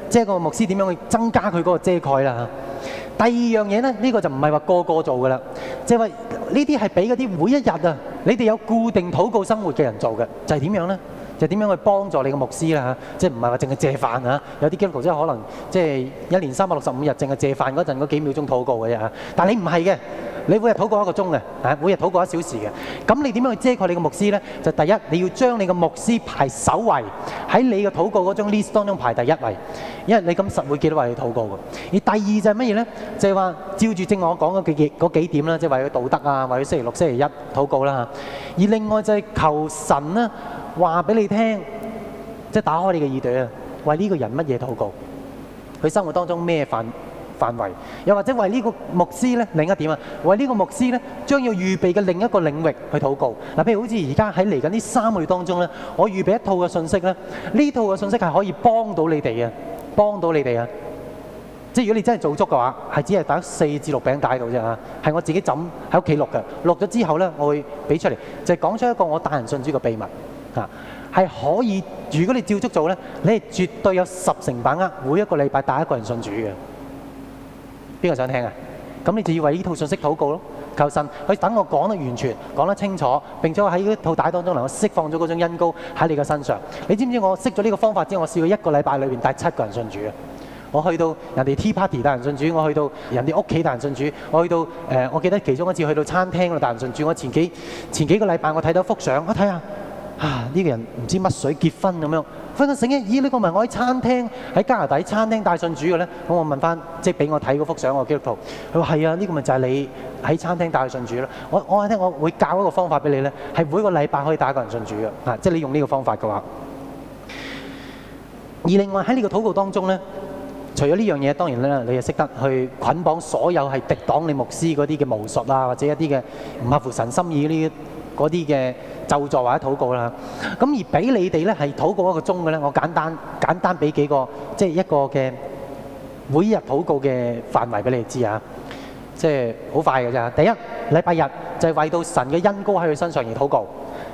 即係個牧師點樣去增加佢嗰個遮蓋啦？第二樣嘢咧，呢個就唔係話個個做㗎啦，即係話呢啲係俾嗰啲每一日啊，你哋有固定禱告生活嘅人做嘅，就係點樣咧？就點樣去幫助你個牧師啦？嚇、啊，即係唔係話淨係借飯啊？有啲基督徒即可能即係一年三百六十五日，淨係借飯嗰陣嗰幾秒鐘禱告嘅啫嚇。但係你唔係嘅，你每日禱告一個鐘嘅，嚇、啊，每日禱告一小時嘅。咁、啊、你點樣去遮蓋你個牧師咧？就第一，你要將你個牧師排首位喺你個禱告嗰張 list 當中排第一位，因為你咁實會記得為你禱告嘅。而第二就係乜嘢咧？就係、是、話照住正我講嗰幾嗰點啦，即係為佢道德啊，為咗星期六、星期一禱告啦嚇。而另外就係求神咧、啊。話俾你聽，即係打開你嘅耳朵啊！為呢個人乜嘢禱告？佢生活當中咩範範圍？又或者為呢個牧師呢？另一點啊，為呢個牧師呢？將要預備嘅另一個領域去禱告嗱。譬如好似而家喺嚟緊呢三個月當中呢，我預備一套嘅信息咧，呢套嘅信息係可以幫到你哋嘅，幫到你哋啊！即係如果你真係做足嘅話，係只係打四至六餅帶到啫啊！係我自己枕喺屋企錄嘅，錄咗之後呢，我會俾出嚟，就係、是、講出一個我帶人信主嘅秘密。啊，係可以。如果你照足做呢，你絕對有十成把握，每一個禮拜帶一個人信主嘅。邊個想聽啊？咁你就要為呢套信息禱告咯。求神去等我講得完全、講得清楚，並且我喺套帶當中能夠釋放咗嗰種恩膏喺你嘅身上。你知唔知我識咗呢個方法之後，我試過一個禮拜裏面帶七個人信主嘅。我去到人哋 Tea Party 帶人信主，我去到人哋屋企帶人信主，我去到誒、呃，我記得其中一次去到餐廳度帶人信主。我前幾前幾個禮拜我睇到幅相，我睇下。啊！呢個人唔知乜水結婚咁樣，忽然醒起，咦？呢個咪我喺餐廳喺加拿大餐廳帶信主嘅咧？咁我問翻，即係俾我睇嗰幅相我基督徒，佢話係啊，呢個咪就係你喺餐廳帶信主咯。我我喺聽，我會教一個方法俾你咧，係每個禮拜可以帶一個人信主嘅。啊，即係你用呢個方法嘅話，而另外喺呢個禱告當中咧，除咗呢樣嘢，當然咧，你就識得去捆綁所有係敵擋你牧師嗰啲嘅巫術啊，或者一啲嘅唔合乎神心意嗰啲。嗰啲嘅就助或者禱告啦，咁而俾你哋咧，係禱告一個鐘嘅咧，我簡單簡單俾幾個，即係一個嘅每日禱告嘅範圍俾你哋知啊，即係好快嘅啫。第一禮拜日就係、是、為到神嘅恩膏喺佢身上而禱告。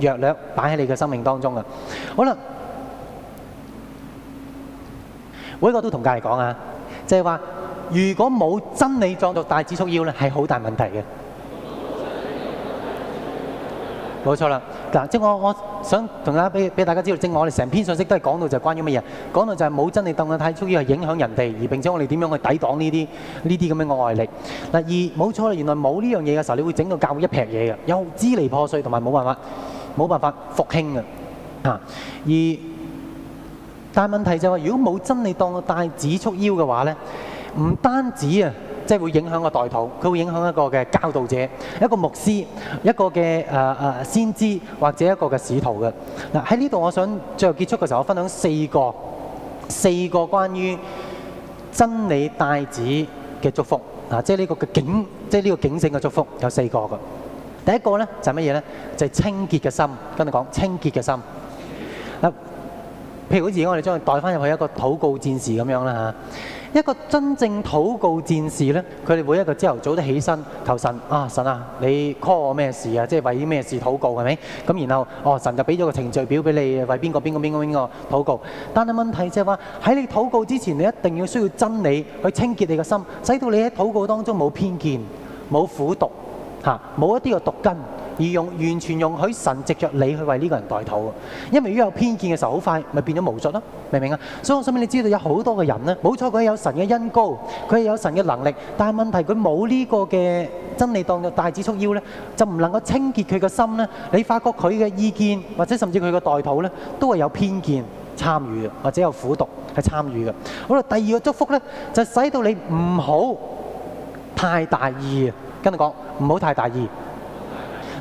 弱略擺喺你嘅生命當中啊！好啦，我呢個都同隔籬講啊，就係話，如果冇真理當作帶子束腰咧，係好大問題嘅。冇錯啦，嗱，即係我我想同大家，俾俾大家知道，即係我哋成篇信息都係講到就係關於乜嘢？講到就係冇真理當緊帶子束腰係影響人哋，而並且我哋點樣去抵擋呢啲呢啲咁樣嘅外力？嗱，而冇錯啦，原來冇呢樣嘢嘅時候，你會整個教會一劈嘢嘅，有支離破碎同埋冇辦法。冇辦法復興嘅啊！而但問題就係、是，如果冇真理當帶子束腰嘅話呢，唔單止啊，即係會影響個代禱，佢會影響一個嘅教導的者，一個牧師，一個嘅、啊啊、先知或者一個嘅使徒嘅。嗱喺呢度，我想最後結束嘅時候，我分享四個四個關於真理帶子嘅祝福，啊！即係呢個警，即係警醒嘅祝福，有四個嘅。第一個咧，就乜嘢咧？就係、是就是，清潔嘅心，跟住講清潔嘅心。嗱、啊，譬如好似我哋將佢帶翻入去一個禱告戰士咁樣啦吓，一個真正禱告戰士咧，佢哋每一個朝頭早都起身求神啊，神啊，你 call 我咩事啊？即係為啲咩事禱告係咪？咁然後哦，神就俾咗個程序表俾你，為邊個邊個邊個邊個禱告。但係問題即係話，喺你禱告之前，你一定要需要真理去清潔你嘅心，使到你喺禱告當中冇偏見，冇苦毒。嚇，冇一啲嘅毒根，而用完全用佢神藉着你去為呢個人代禱。因為要有偏見嘅時候，好快咪變咗巫術咯，明唔明啊？所以我想俾你知道有好多嘅人呢，冇錯，佢有神嘅恩膏，佢有神嘅能力，但係問題佢冇呢個嘅真理當作帶子束腰呢，就唔能夠清潔佢個心呢。你發覺佢嘅意見或者甚至佢嘅代禱呢，都係有偏見參與或者有苦毒去參與嘅。好啦，第二個祝福呢，就使到你唔好太大意。跟你講，唔好太大意。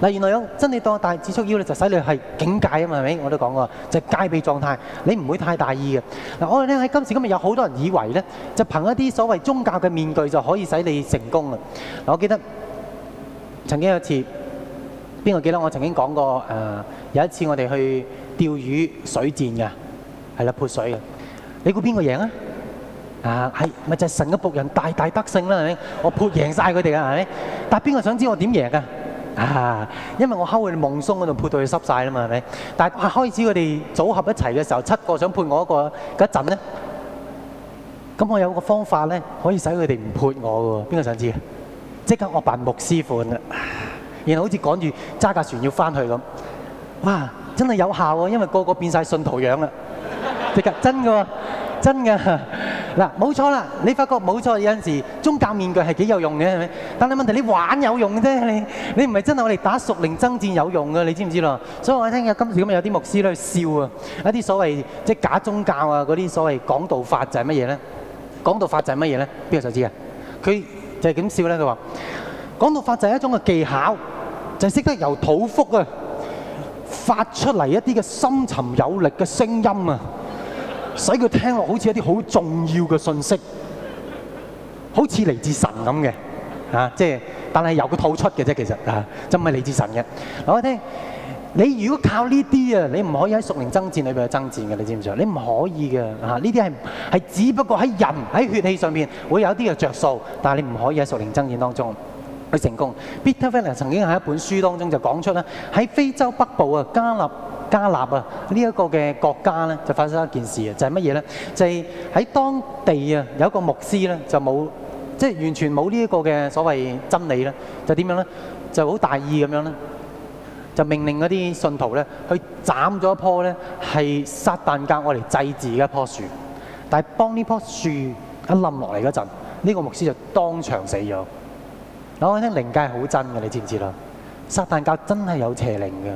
原來有真理當大致出腰咧，就使你係警戒啊嘛，係咪？我都講過，就係、戒備狀態，你唔會太大意嘅。我哋咧喺今時今日有好多人以為呢，就憑一啲所謂宗教嘅面具就可以使你成功。我記得曾經有一次，邊個記得我曾經講過、呃、有一次我哋去釣魚水戰㗎，係啦，潑水嘅。你估邊個贏呢？啊，係、哎、咪就係神嘅僕人大大得勝啦？係咪我潑贏晒佢哋啊？係咪？但邊個想知道我點贏嘅？啊，因為我敲佢夢想嗰度潑到佢濕晒啦嘛？係咪？但係開始佢哋組合一齊嘅時候，七個想潑我一個的一，嗰陣咧，咁我有個方法咧，可以使佢哋唔潑我嘅。邊個想知啊？即刻我扮牧師款啦、啊，然後好似趕住揸架船要翻去咁。哇！真係有效喎、啊，因為個個變晒信徒樣啦。即刻真嘅真㗎嗱，冇錯啦！你發覺冇錯，有陣時宗教面具係幾有用嘅，係咪？但係問題你玩有用啫，你你唔係真係我哋打屬靈爭戰有用嘅，你知唔知咯？所以我聽日今時今日有啲牧師都笑啊，一啲所謂即係假宗教啊，嗰啲所謂講道法就係乜嘢咧？講道法就係乜嘢咧？邊個就知啊？佢就係咁笑咧，佢話講道法就係一種嘅技巧，就係識得由肚腹啊發出嚟一啲嘅深沉有力嘅聲音啊！使佢聽落好似一啲好重要嘅信息，好似嚟自神咁嘅，啊，即係，但係由佢吐出嘅啫，其實啊，真唔係嚟自神嘅。我聽，你如果靠呢啲啊，你唔可以喺屬靈爭戰裏邊去爭戰嘅，你知唔知啊？你唔可以嘅，啊，呢啲係係只不過喺人喺血氣上面會有一啲嘅着數，但係你唔可以喺屬靈爭戰當中去成功。Bitterfield 曾經喺一本書當中就講出咧，喺非洲北部啊，加納。加納啊，呢一個嘅國家咧，就發生一件事啊，就係乜嘢咧？就係喺當地啊，有一個牧師咧，就冇即係完全冇呢一個嘅所謂真理咧，就點樣咧？就好大意咁樣咧，就命令嗰啲信徒咧，去斬咗一棵咧係撒旦教我嚟祭祀嘅一棵樹。但係幫呢棵樹一冧落嚟嗰陣，呢個牧師就當場死咗。我講聲靈界好真嘅，你知唔知啦？撒旦教真係有邪靈嘅。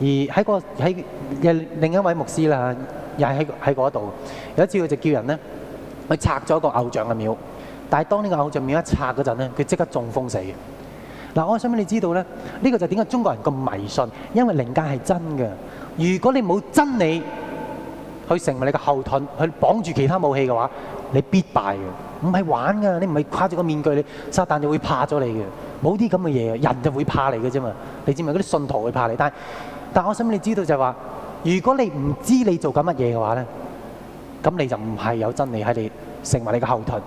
而喺、個喺嘅另一位牧師啦，又喺喺嗰度。有一次佢就叫人咧去拆咗個偶像嘅廟，但係當呢個偶像廟一拆嗰陣咧，佢即刻中風死嘅。嗱、啊，我想俾你知道咧，呢、這個就點解中國人咁迷信？因為靈界係真嘅。如果你冇真理去成為你嘅後盾，去綁住其他武器嘅話，你必敗嘅。唔係玩㗎，你唔係掛住個面具，你撒旦就會怕咗你嘅。冇啲咁嘅嘢，人就會怕你嘅啫嘛。你知唔知嗰啲信徒會怕你？但係但我想你知道就係話，如果你唔知你做緊乜嘢嘅話呢，咁你就唔係有真理喺你，成為你嘅後盾。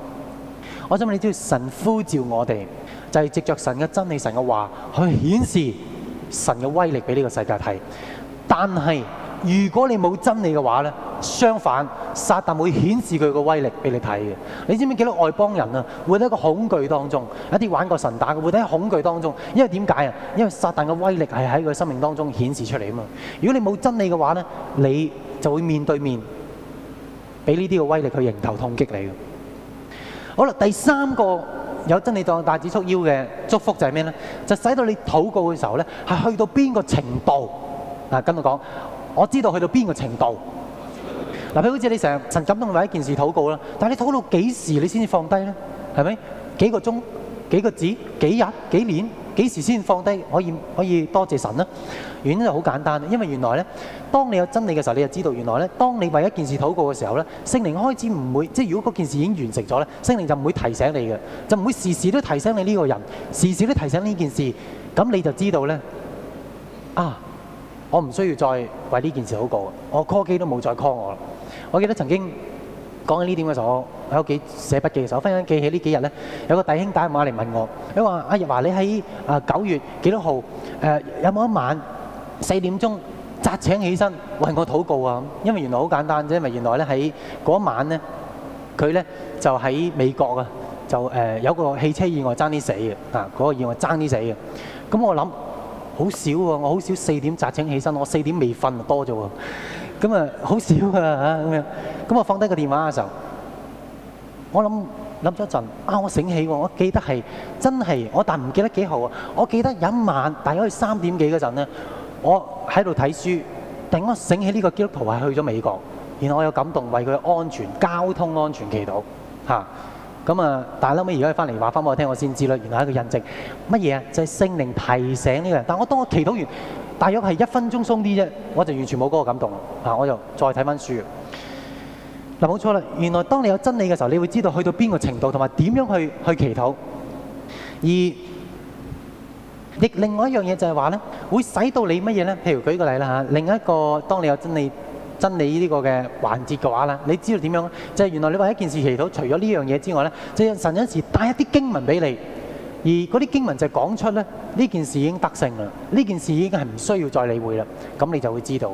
我想問你知道神呼召我哋，就係藉着神嘅真理、神嘅話去顯示神嘅威力俾呢個世界睇。但係，如果你冇真理嘅話咧，相反，撒旦會顯示佢嘅威力俾你睇嘅。你知唔知幾多外邦人啊，會喺一個恐懼當中，一啲玩過神打嘅會喺恐懼當中。因為點解啊？因為撒旦嘅威力係喺佢生命當中顯示出嚟啊嘛。如果你冇真理嘅話呢，你就會面對面俾呢啲嘅威力去迎頭痛擊你嘅。好啦，第三個有真理當帶子束腰嘅祝福就係咩呢？就使到你禱告嘅時候呢，係去到邊個程度啊？跟住講。我知道去到邊個程度？嗱，譬如好似你成日神感動為一件事禱告啦，但係你禱到幾時你先至放低呢？係咪幾個鐘、幾個字、幾日、幾年、幾時先放低可以可以多謝神呢？原因就好簡單，因為原來呢，當你有真理嘅時候，你就知道原來呢。當你為一件事禱告嘅時候呢，聖靈開始唔會即係如果嗰件事已經完成咗呢，聖靈就唔會提醒你嘅，就唔會時時都提醒你呢個人，時時都提醒呢件事，咁你就知道呢。啊！我唔需要再為呢件事禱告，我 call 機都冇再 call 我。我記得曾經講緊呢點嘅時候，我喺屋企寫筆記嘅時候，忽然間記起呢幾日咧，有個弟兄打電話嚟問我，佢話：阿日華，你喺啊九月幾多號？誒有冇一晚四點鐘扎醒起身為我禱告啊！因為原來好簡單啫，因為原來咧喺嗰一晚咧，佢咧就喺美國啊，就誒有個汽車意外爭啲死嘅，嗱嗰個意外爭啲死嘅。咁我諗。好少喎、啊，我好少四點扎醒起身，我四點未瞓多咗喎。咁啊，好、嗯、少噶嚇咁樣。咁、嗯、我放低個電話嘅時候，我諗諗咗一陣，啊，我醒起喎，我記得係真係我，但唔記得幾號啊。我記得有一晚，大概三點幾嗰陣呢，我喺度睇書，突然我醒起呢個基督徒係去咗美國，然後我有感動，為佢安全、交通安全祈禱嚇。啊咁啊，但係後尾而家佢翻嚟話翻俾我聽，我先知啦。原來係一個印證，乜嘢啊？就係聖靈提醒呢個人。但我當我祈禱完，大約係一分鐘鬆啲啫，我就完全冇嗰個感動啦。嗱，我就再睇翻書。嗱，冇錯啦，原來當你有真理嘅時候，你會知道去到邊個程度，同埋點樣去去祈禱。而亦另外一樣嘢就係話咧，會使到你乜嘢咧？譬如舉個例啦嚇，另一個當你有真理。真理呢個嘅環節嘅話咧，你知道點樣？就係、係、原來你為一件事祈禱，除咗呢樣嘢之外咧，就係、神有時帶一啲經文俾你，而嗰啲經文就講出咧，呢件事已經得勝啦，呢件事已經係唔需要再理會啦，咁你就會知道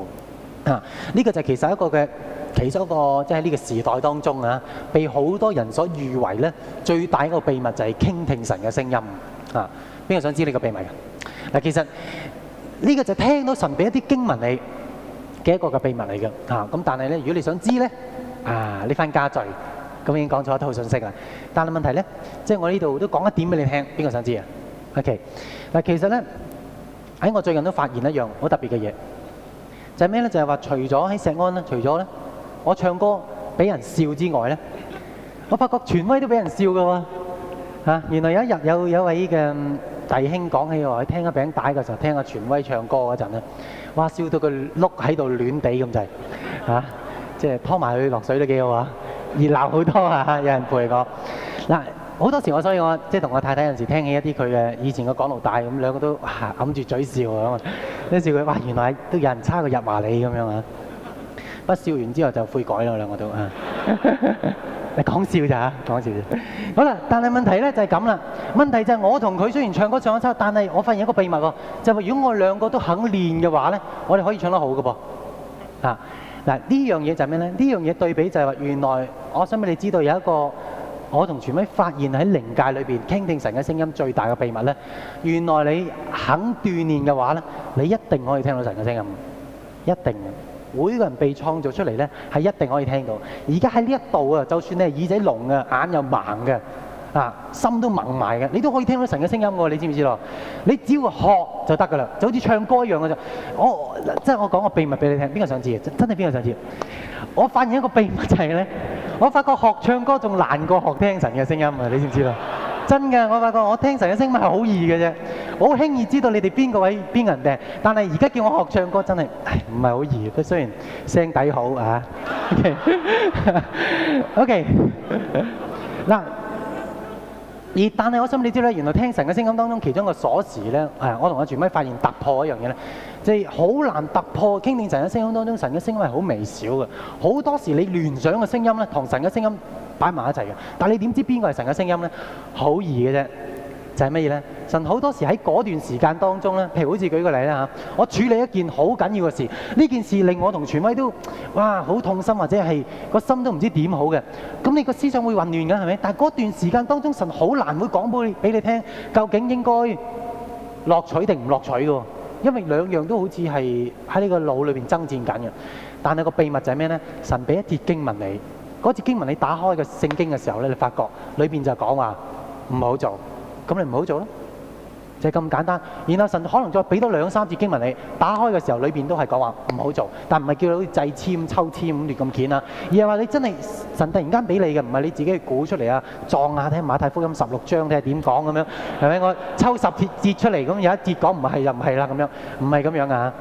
啊。呢、呢個就係其實一個嘅，其中一個即係呢個時代當中啊，被好多人所譽為咧最大一個秘密就係傾聽神嘅聲音啊。邊個想知呢個秘密？嗱、啊，其實呢、呢個就係聽到神俾一啲經文你。嘅一個嘅秘密嚟嘅嚇，咁、啊、但係咧，如果你想知咧，啊呢番家罪，咁已經講咗一套信息啦。但係問題咧，即係我呢度都講一點俾你聽，邊個想知啊？OK，嗱、其實咧喺我最近都發現一樣好特別嘅嘢，就係咩咧？就係、是、話除咗喺石安咧，除咗咧我唱歌俾人笑之外咧，我發覺全威都俾人笑嘅喎、啊、原來有一日有有位嘅弟兄講起話，去聽個餅帶嘅時候，聽個全威唱歌嗰陣咧。哇！笑到佢碌喺度亂地咁滯嚇，即係拖埋佢落水都幾好啊！熱鬧好多嚇、啊，有人陪我。嗱、啊，好多時候我所以我即係同我太太有時候聽起一啲佢嘅以前嘅港奴大咁，兩個都揞住、啊、嘴笑咁。跟住佢哇，原來都有人差佢入埋嚟咁樣啊！不過、啊、笑完之後就悔改啦，兩個都啊。 講笑咋嚇、啊？講笑咋。好啦，但係問題呢就係咁啦。問題就係我同佢雖然唱歌唱得差，但係我發現一個秘密喎，就係、是、如果我兩個都肯練嘅話呢，我哋可以唱得好嘅噃。嗱、啊、呢、啊、樣嘢就係咩呢？呢樣嘢對比就係話，原來我想俾你知道有一個我同全威發現喺靈界裏邊傾聽神嘅聲音最大嘅秘密呢。原來你肯鍛鍊嘅話呢，你一定可以聽到神嘅聲音，一定。每個人被創造出嚟呢，係一定可以聽到。而家喺呢一度啊，就算你耳仔聾啊、眼又盲嘅，啊，心都盲埋嘅，你都可以聽到神嘅聲音喎。你知唔知咯？你只要學就得噶啦，就好似唱歌一樣嘅啫。我即係我講個秘密俾你聽，邊個想知？真係邊個想知？我發現一個秘密就係呢：我發覺學唱歌仲難過學聽神嘅聲音啊！你知唔知啦？真嘅，我發覺我聽神嘅聲音係好易嘅啫，我好輕易知道你哋邊個位邊個人病。但係而家叫我學唱歌真係唔係好易。佢雖然聲底好啊。OK OK、啊。嗱，而但係我心裡知咧，原來聽神嘅聲音當中，其中個鎖匙咧，誒，我同阿全咪發現突破一樣嘢咧，即係好難突破。傾聽神嘅聲音當中，神嘅聲音係好微小嘅。好多時你聯想嘅聲音咧，同神嘅聲音。擺埋一齊嘅，但係你點知邊個係神嘅聲音咧？好易嘅啫，就係乜嘢咧？神好多時喺嗰段時間當中咧，譬如好似舉個例啦吓，我處理一件好緊要嘅事，呢件事令我同全委都哇，好痛心，或者係個心都唔知點好嘅，咁你個思想會混亂噶係咪？但係嗰段時間當中，神好難會講句俾你聽，究竟應該落取定唔落取嘅？因為兩樣都好似係喺你個腦裏邊爭戰緊嘅。但係個秘密就係咩咧？神俾一節經文你。嗰次經文你打開個聖經嘅時候咧，你發覺裏邊就講話唔好做，咁你唔好做啦，就係咁簡單。然後神可能再俾多兩三節經文你打開嘅時候，裏邊都係講話唔好做，但唔係叫你好似掣籤、抽籤咁亂咁攪啊。而係話你真係神突然間俾你嘅，唔係你自己估出嚟啊，撞下睇馬太福音十六章睇下點講咁樣，係咪？我抽十節節出嚟，咁有一節講唔係就唔係啦，咁樣唔係咁樣啊？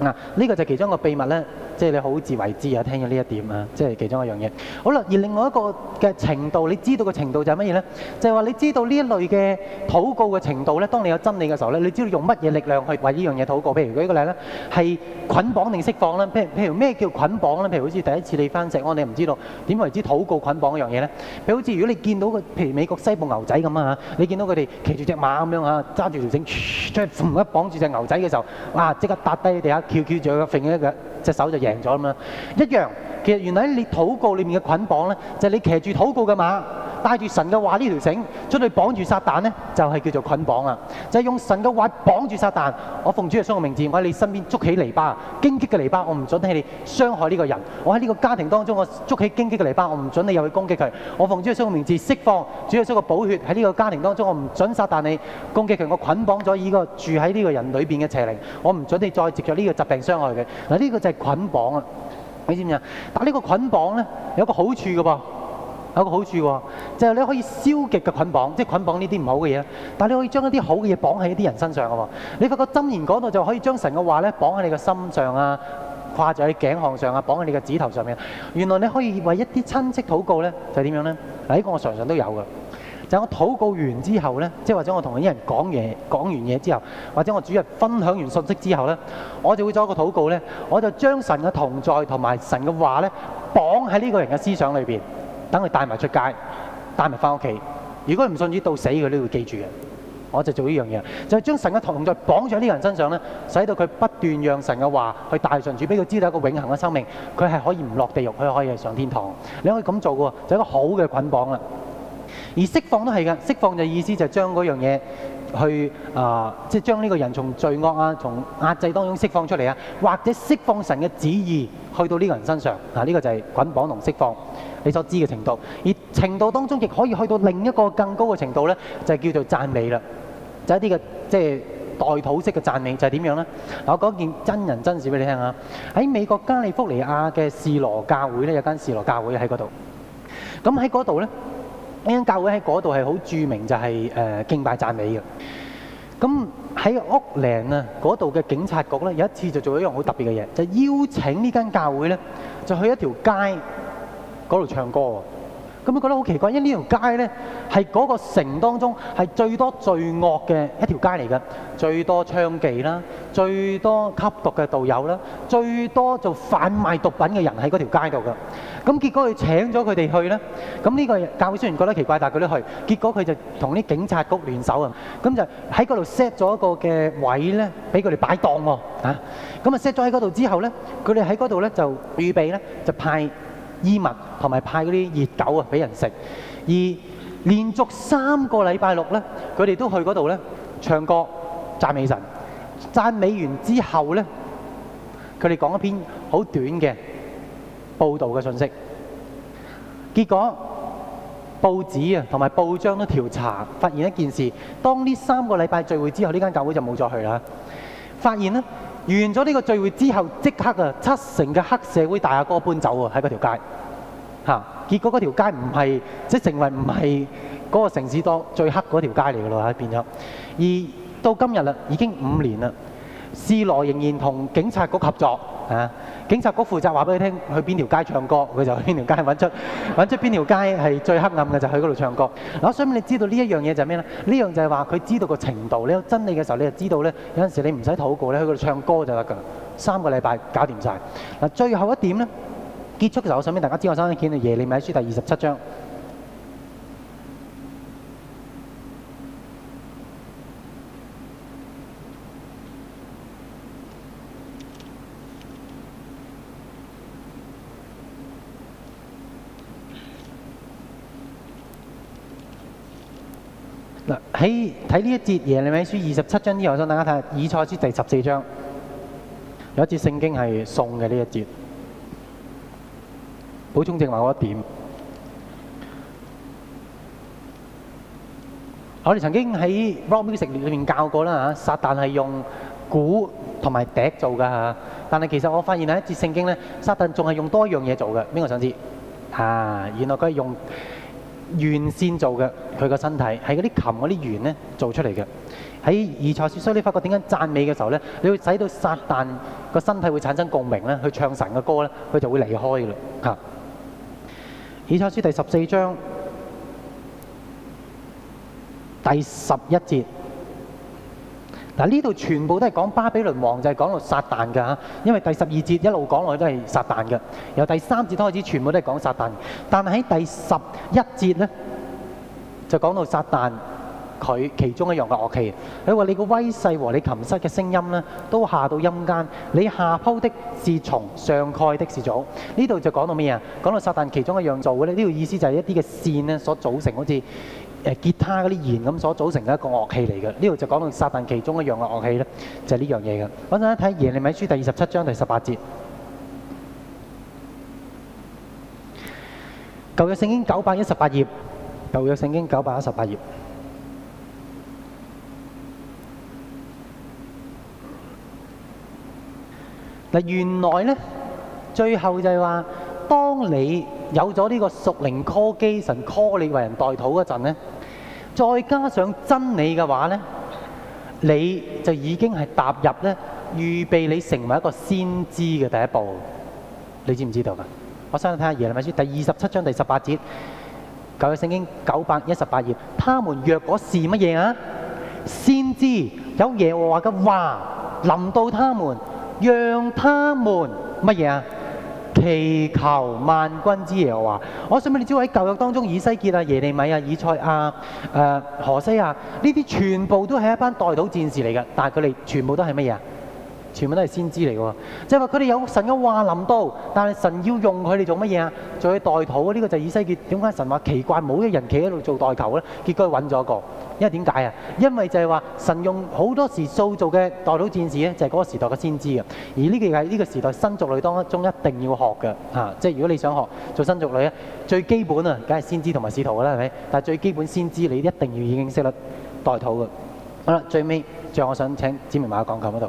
嗱，呢個就係其中一個秘密咧。即係你好自為之啊！聽咗呢一點啊，即係其中一樣嘢。好啦，而另外一個嘅程度，你知道嘅程度就係乜嘢呢？就係、是、話你知道呢一類嘅禱告嘅程度呢。當你有真理嘅時候呢，你知道用乜嘢力量去為呢樣嘢禱告。譬如舉一個例呢，係捆綁定釋放啦。譬如咩叫捆綁呢？譬如好似第一次你翻石安，你唔知道點為之禱告捆綁一樣嘢呢。譬如好似如果你見到嘅，譬如美國西部牛仔咁啊，你見到佢哋騎住隻馬咁樣啊，揸住條繩，呃、綁一綁住隻牛仔嘅時候，哇！即刻搭低喺地下，翹翹住佢，揈一嘅。隻手就贏咗啦，一樣。其實原來你禱告裏面嘅捆綁呢，就係、是、你騎住禱告嘅馬，帶住神嘅話呢條繩，將佢綁住撒旦呢，就係、是、叫做捆綁啦。就係、是、用神嘅話綁住撒旦。我奉主耶穌嘅名字，我喺你身邊捉起泥巴、攻擊嘅泥巴，我唔准喺你傷害呢個人。我喺呢個家庭當中，我捉起攻擊嘅泥巴，我唔准你又去攻擊佢。我奉主耶穌嘅名字釋放，主耶穌嘅寶血喺呢個家庭當中，我唔准撒旦你攻擊佢。我捆綁咗這個住喺呢個人裏面嘅邪靈，我唔准你再藉著呢個疾病傷害佢。嗱，呢個就係捆綁啊！你知唔知啊？但係呢個捆綁咧有個好處嘅噃，有個好處喎，就係你可以消極嘅捆綁，即係捆綁呢啲唔好嘅嘢。但你可以將一啲好嘅嘢綁喺啲人身上嘅喎。你發覺箴言講到就可以將神嘅話咧綁喺你嘅心上啊，掛住喺你頸項上啊，綁喺你嘅指頭上面。原來你可以為一啲親戚禱告咧，就係點樣咧？啊，呢個我常常都有嘅。就是、我禱告完之後呢，即係或者我同啲人講嘢，講完嘢之後，或者我主日分享完信息之後呢，我就會做一個禱告呢。我就將神嘅同在同埋神嘅話呢綁喺呢個人嘅思想裏邊，等佢帶埋出街，帶埋返屋企。如果唔信主到死，佢都會記住嘅。我就做呢樣嘢，就係、是、將神嘅同在綁咗喺呢個人身上呢，使到佢不斷讓神嘅話去帶信主，俾佢知道一個永恆嘅生命，佢係可以唔落地獄，佢可以係上天堂。你可以咁做嘅喎，就係、是、一個好嘅捆綁啊！而釋放都係噶，釋放就意思就將嗰樣嘢去啊，即、呃、係、就是、將呢個人從罪惡啊，從壓制當中釋放出嚟啊，或者釋放神嘅旨意去到呢個人身上啊，呢、這個就係捆綁同釋放你所知嘅程度。而程度當中亦可以去到另一個更高嘅程度呢，就係叫做讚美啦，就是、一啲嘅即係代禱式嘅讚美，就係、是、點樣咧？我講件真人真事俾你聽啊！喺美國加利福尼亞嘅示羅教會呢，有一間示羅教會喺嗰度，咁喺嗰度呢。呢間教會喺嗰度係好著名，就係、是、誒、呃、敬拜讚美嘅。咁喺屋崙啊嗰度嘅警察局咧，有一次就做咗一樣好特別嘅嘢，就是、邀請呢間教會咧，就去一條街嗰度唱歌喎。咁啊，佢覺得好奇怪，因為呢條街咧係嗰個城當中係最多罪惡嘅一條街嚟嘅，最多娼妓啦，最多吸毒嘅道友啦，最多做販賣毒品嘅人喺嗰條街度嘅。咁結果佢請咗佢哋去咧，咁呢個教會雖然覺得奇怪，但係佢都去。結果佢就同啲警察局聯手啊，咁就喺嗰度 set 咗一個嘅位咧，俾佢哋擺檔喎嚇。咁啊 set 咗喺嗰度之後咧，佢哋喺嗰度咧就預備咧就派衣物同埋派嗰啲熱狗啊俾人食，而連續三個禮拜六咧，佢哋都去嗰度咧唱歌讚美神，讚美完之後咧，佢哋講一篇好短嘅報道嘅信息。結果報紙啊同埋報章都調查，發現一件事：當呢三個禮拜聚會之後，呢間教會就冇再去啦。發現啦。完咗呢個聚會之後，即刻啊，七成嘅黑社會大阿哥搬走喎，喺嗰條街嚇、啊。結果嗰條街唔係，即係成為唔係嗰個城市當最黑嗰條街嚟嘅咯，喺、啊、變咗。而到今日啦，已經五年啦，市內仍然同警察局合作啊。警察局負責話俾佢聽，去邊條街唱歌，佢就去邊條街揾出揾出邊條街係最黑暗嘅，就是、去嗰度唱歌。嗱，我想俾你知道呢一樣嘢就係咩呢？呢樣就係話佢知道個程度。你有真理嘅時候，你就知道呢。有陣時你唔使禱告咧，去嗰度唱歌就得㗎。三個禮拜搞掂晒。嗱，最後一點呢，結束嘅時候，我想俾大家知道我想收緊件《耶利米書》第二十七章。喺睇呢一節耶利米書二十七章之後，想大家睇下以賽亞書第十四章，有一節聖經係送嘅，呢一節，補充正話嗰一點。我哋曾經喺羅馬書裏面教過啦嚇，撒但係用鼓同埋笛做㗎嚇，但係其實我發現呢一節聖經咧，撒但仲係用多一樣嘢做嘅。邊個想知？啊，原來佢係用。弦線做嘅，佢個身體，是嗰啲琴嗰啲弦咧做出嚟嘅喺以賽書。所以你發覺點解讚美嘅時候咧，你會使到撒但個身體會產生共鳴咧，去唱神嘅歌咧，佢就會離開嘅啦。吓、啊，以賽書第十四章第十一節。嗱，呢度全部都係講巴比倫王，就係、是、講到撒旦㗎嚇，因為第十二節一路講落去都係撒旦嘅。由第三節開始，全部都係講撒旦。但係喺第十一節呢，就講到撒旦佢其中一樣嘅樂器。佢話：你個威勢和你琴瑟嘅聲音呢都下到陰間。你下鋪的是蟲，上蓋的是蛆。呢度就講到咩啊？講到撒旦其中一樣做嘅咧，呢度意思就係一啲嘅線呢所組成，好似。誒，吉他嗰啲弦咁所組成嘅一個樂器嚟嘅。呢度就講到撒但其中一樣嘅樂器咧，就係呢樣嘢嘅。揾陣一睇耶利米書第二十七章第十八節，舊約聖經九百一十八頁，舊約聖經九百一十八頁。嗱，原來咧，最後就係話，當你有咗呢個屬靈柯基神 call 你為人代禱嗰陣咧，再加上真理嘅話呢，你就已經係踏入咧預備你成為一個先知嘅第一步，你知唔知道噶？我想睇下耶利米書第二十七章第十八節，舊約聖經九百一十八頁。他們若果是乜嘢啊？先知有耶和華嘅話臨到他們，讓他們乜嘢啊？祈求萬軍之耶和華，我想問你知道喺舊約當中，以西結啊、耶利米啊、以賽啊、誒、呃、何西啊，呢啲全部都係一班代禱戰士嚟嘅，但係佢哋全部都係乜嘢？全部都係先知嚟喎，即係話佢哋有神嘅話臨到，但係神要用佢哋做乜嘢啊？做去代禱嘅呢個就係以西結，點解神話奇怪冇一人企喺度做代禱咧？結果揾咗一個，因為點解啊？因為就係話神用好多時塑造嘅代禱戰士咧，就係嗰個時代嘅先知啊。而呢個係呢個時代新族類當中一定要學嘅嚇、啊，即、就、係、是、如果你想學做新族類咧，最基本啊，梗係先知同埋使徒啦，係咪？但係最基本先知你一定要已經識得代禱嘅好啦，最尾仲有我想請子明話講求嗰度。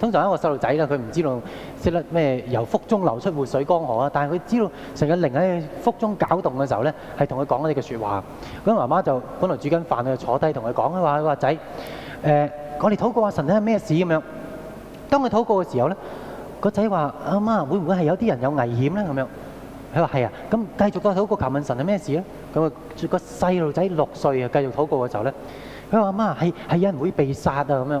通常一個細路仔咧，佢唔知道識得咩由腹中流出活水江河啊，但係佢知道成日靈喺腹中搞動嘅時候咧，係同佢講一啲嘅説話。嗰啲媽媽就本來煮緊飯，佢坐低同佢講啊，話個仔，誒、欸，我哋禱告話神係咩事咁樣。當佢禱告嘅時候咧，個仔話：阿媽會唔會係有啲人有危險咧？咁樣，佢話係啊。咁繼續個禱告求問神係咩事啊？咁、那個細路仔六歲啊，繼續禱告嘅時候咧，佢話：阿媽係係有人會被殺啊咁樣。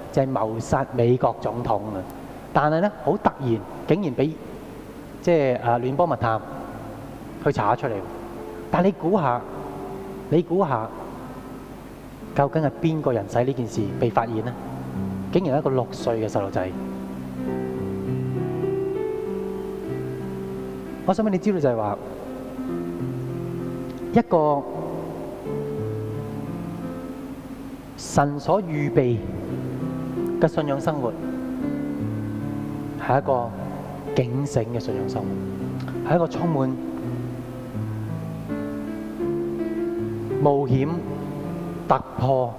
就係謀殺美國總統啊！但係咧，好突然，竟然俾即係啊聯邦密探去查出嚟。但你估下，你估下，究竟係邊個人使呢件事被發現呢？竟然係一個六歲嘅細路仔。我想俾你知道就係話一個神所預備。嘅信仰生活，係一個警醒嘅信仰生活，係一,一個充滿冒險突破、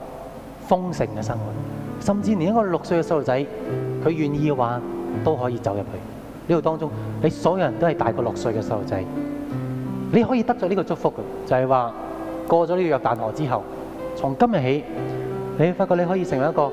豐盛嘅生活。甚至連一個六歲嘅細路仔，佢願意嘅話都可以走入去呢度當中。你所有人都係大過六歲嘅細路仔，你可以得咗呢個祝福嘅，就係、是、話過咗呢個約旦河之後，從今日起，你會發覺你可以成為一個。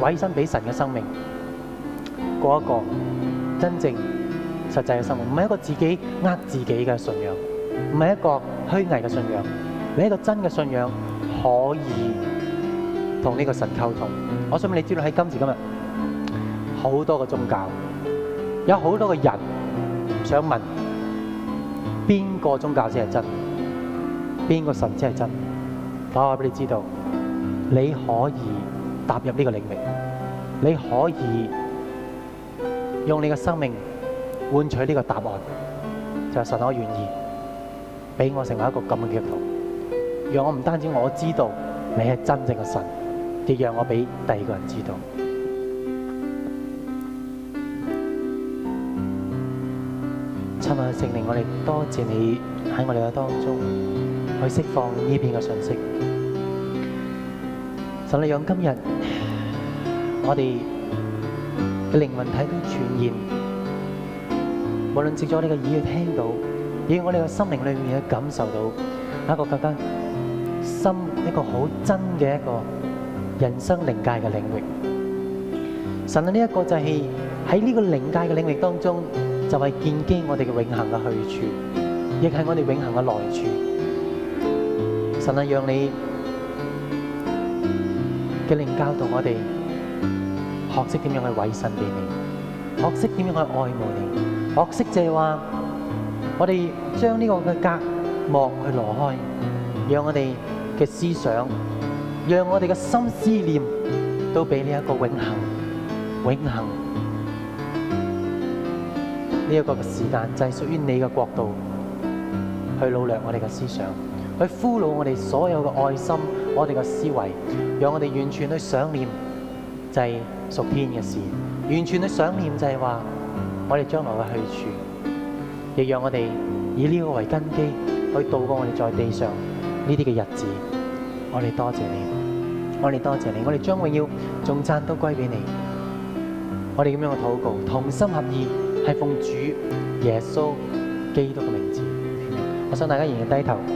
委身俾神嘅生命，過一個真正實際嘅生活，唔係一個自己呃自己嘅信仰，唔係一個虛偽嘅信仰，你一個真嘅信仰，可以同呢個神溝通。我想俾你知道，喺今時今日，好多個宗教，有好多個人想問，邊個宗教先係真，邊個神先係真？我話俾你知道，你可以。踏入呢個領域，你可以用你嘅生命換取呢個答案。就係神，我願意俾我成為一個咁嘅信徒，讓我唔單止我知道你係真正嘅神，亦讓我俾第二個人知道。親愛的聖靈，我哋多謝你喺我哋嘅當中去釋放呢邊嘅信息。神啊，讓今日我哋嘅靈魂體都傳然，無論接咗呢個耳去聽到，以我哋嘅心靈裏面去感受到一個更加深，一個好真嘅一個人生靈界嘅領域。神啊，呢一個就係喺呢個靈界嘅領域當中，就係、是、建基我哋嘅永恆嘅去處，亦係我哋永恆嘅來處。神啊，讓你。嘅令教導我哋學識點樣去委身俾你，學識點樣去愛慕你，學識就係話我哋將呢個嘅隔膜去挪開，讓我哋嘅思想，讓我哋嘅心思念都俾呢一個永恆、永恆呢一個嘅時間，就係屬於你嘅國度去擄掠我哋嘅思想，去俘虜我哋所有嘅愛心，我哋嘅思維。讓我哋完全去想念，就係屬天嘅事；完全去想念就係話我哋將來嘅去處。亦讓我哋以呢個為根基，去度過我哋在地上呢啲嘅日子。我哋多謝你，我哋多謝你，我哋將榮耀頌讚都歸俾你。我哋咁樣嘅禱告，同心合意，係奉主耶穌基督嘅名字。我想大家仍然低頭。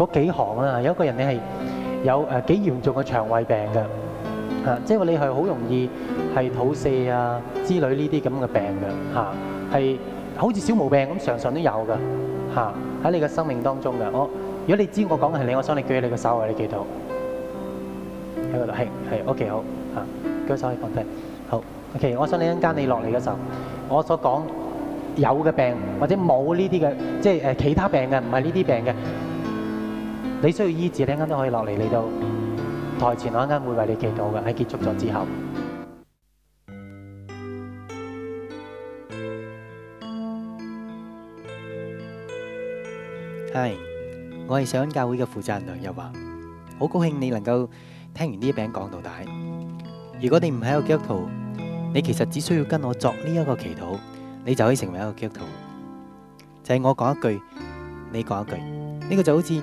嗰幾行啊！有一個人你係有誒、呃、幾嚴重嘅腸胃病嘅啊，即係話你係好容易係肚瀉啊之類呢啲咁嘅病嘅吓，係、啊、好似小毛病咁，常常都有嘅吓，喺、啊、你嘅生命當中嘅。我如果你知我講嘅係你，我想你舉你嘅手啊。你記到喺嗰度係係 OK 好嚇、啊，舉手可以放低好 OK。我想你一間你落嚟嘅時候，我所講有嘅病或者冇呢啲嘅，即係誒其他病嘅，唔係呢啲病嘅。你需要醫治你，啱啱都可以落嚟，你到台前，我啱啱會為你祈禱嘅。喺結束咗之後，係我係上恩教會嘅負責人梁日華，好高興你能夠聽完呢一篇講道。如果你唔係一個基督徒，你其實只需要跟我作呢一個祈禱，你就可以成為一個基督徒。就係我講一句，你講一句，呢個就好似，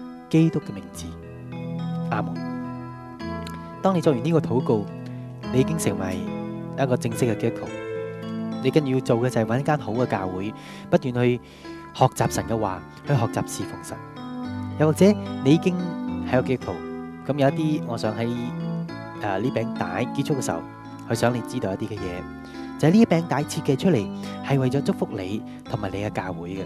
基督嘅名字，阿門。當你作完呢個禱告，你已經成為一個正式嘅基督徒。你跟住要做嘅就係揾一間好嘅教會，不斷去學習神嘅話，去學習侍奉神。又或者你已經喺個基督徒，咁有一啲，我想喺誒呢餅帶結束嘅時候，去想你知道一啲嘅嘢，就係呢餅帶設計出嚟係為咗祝福你同埋你嘅教會嘅。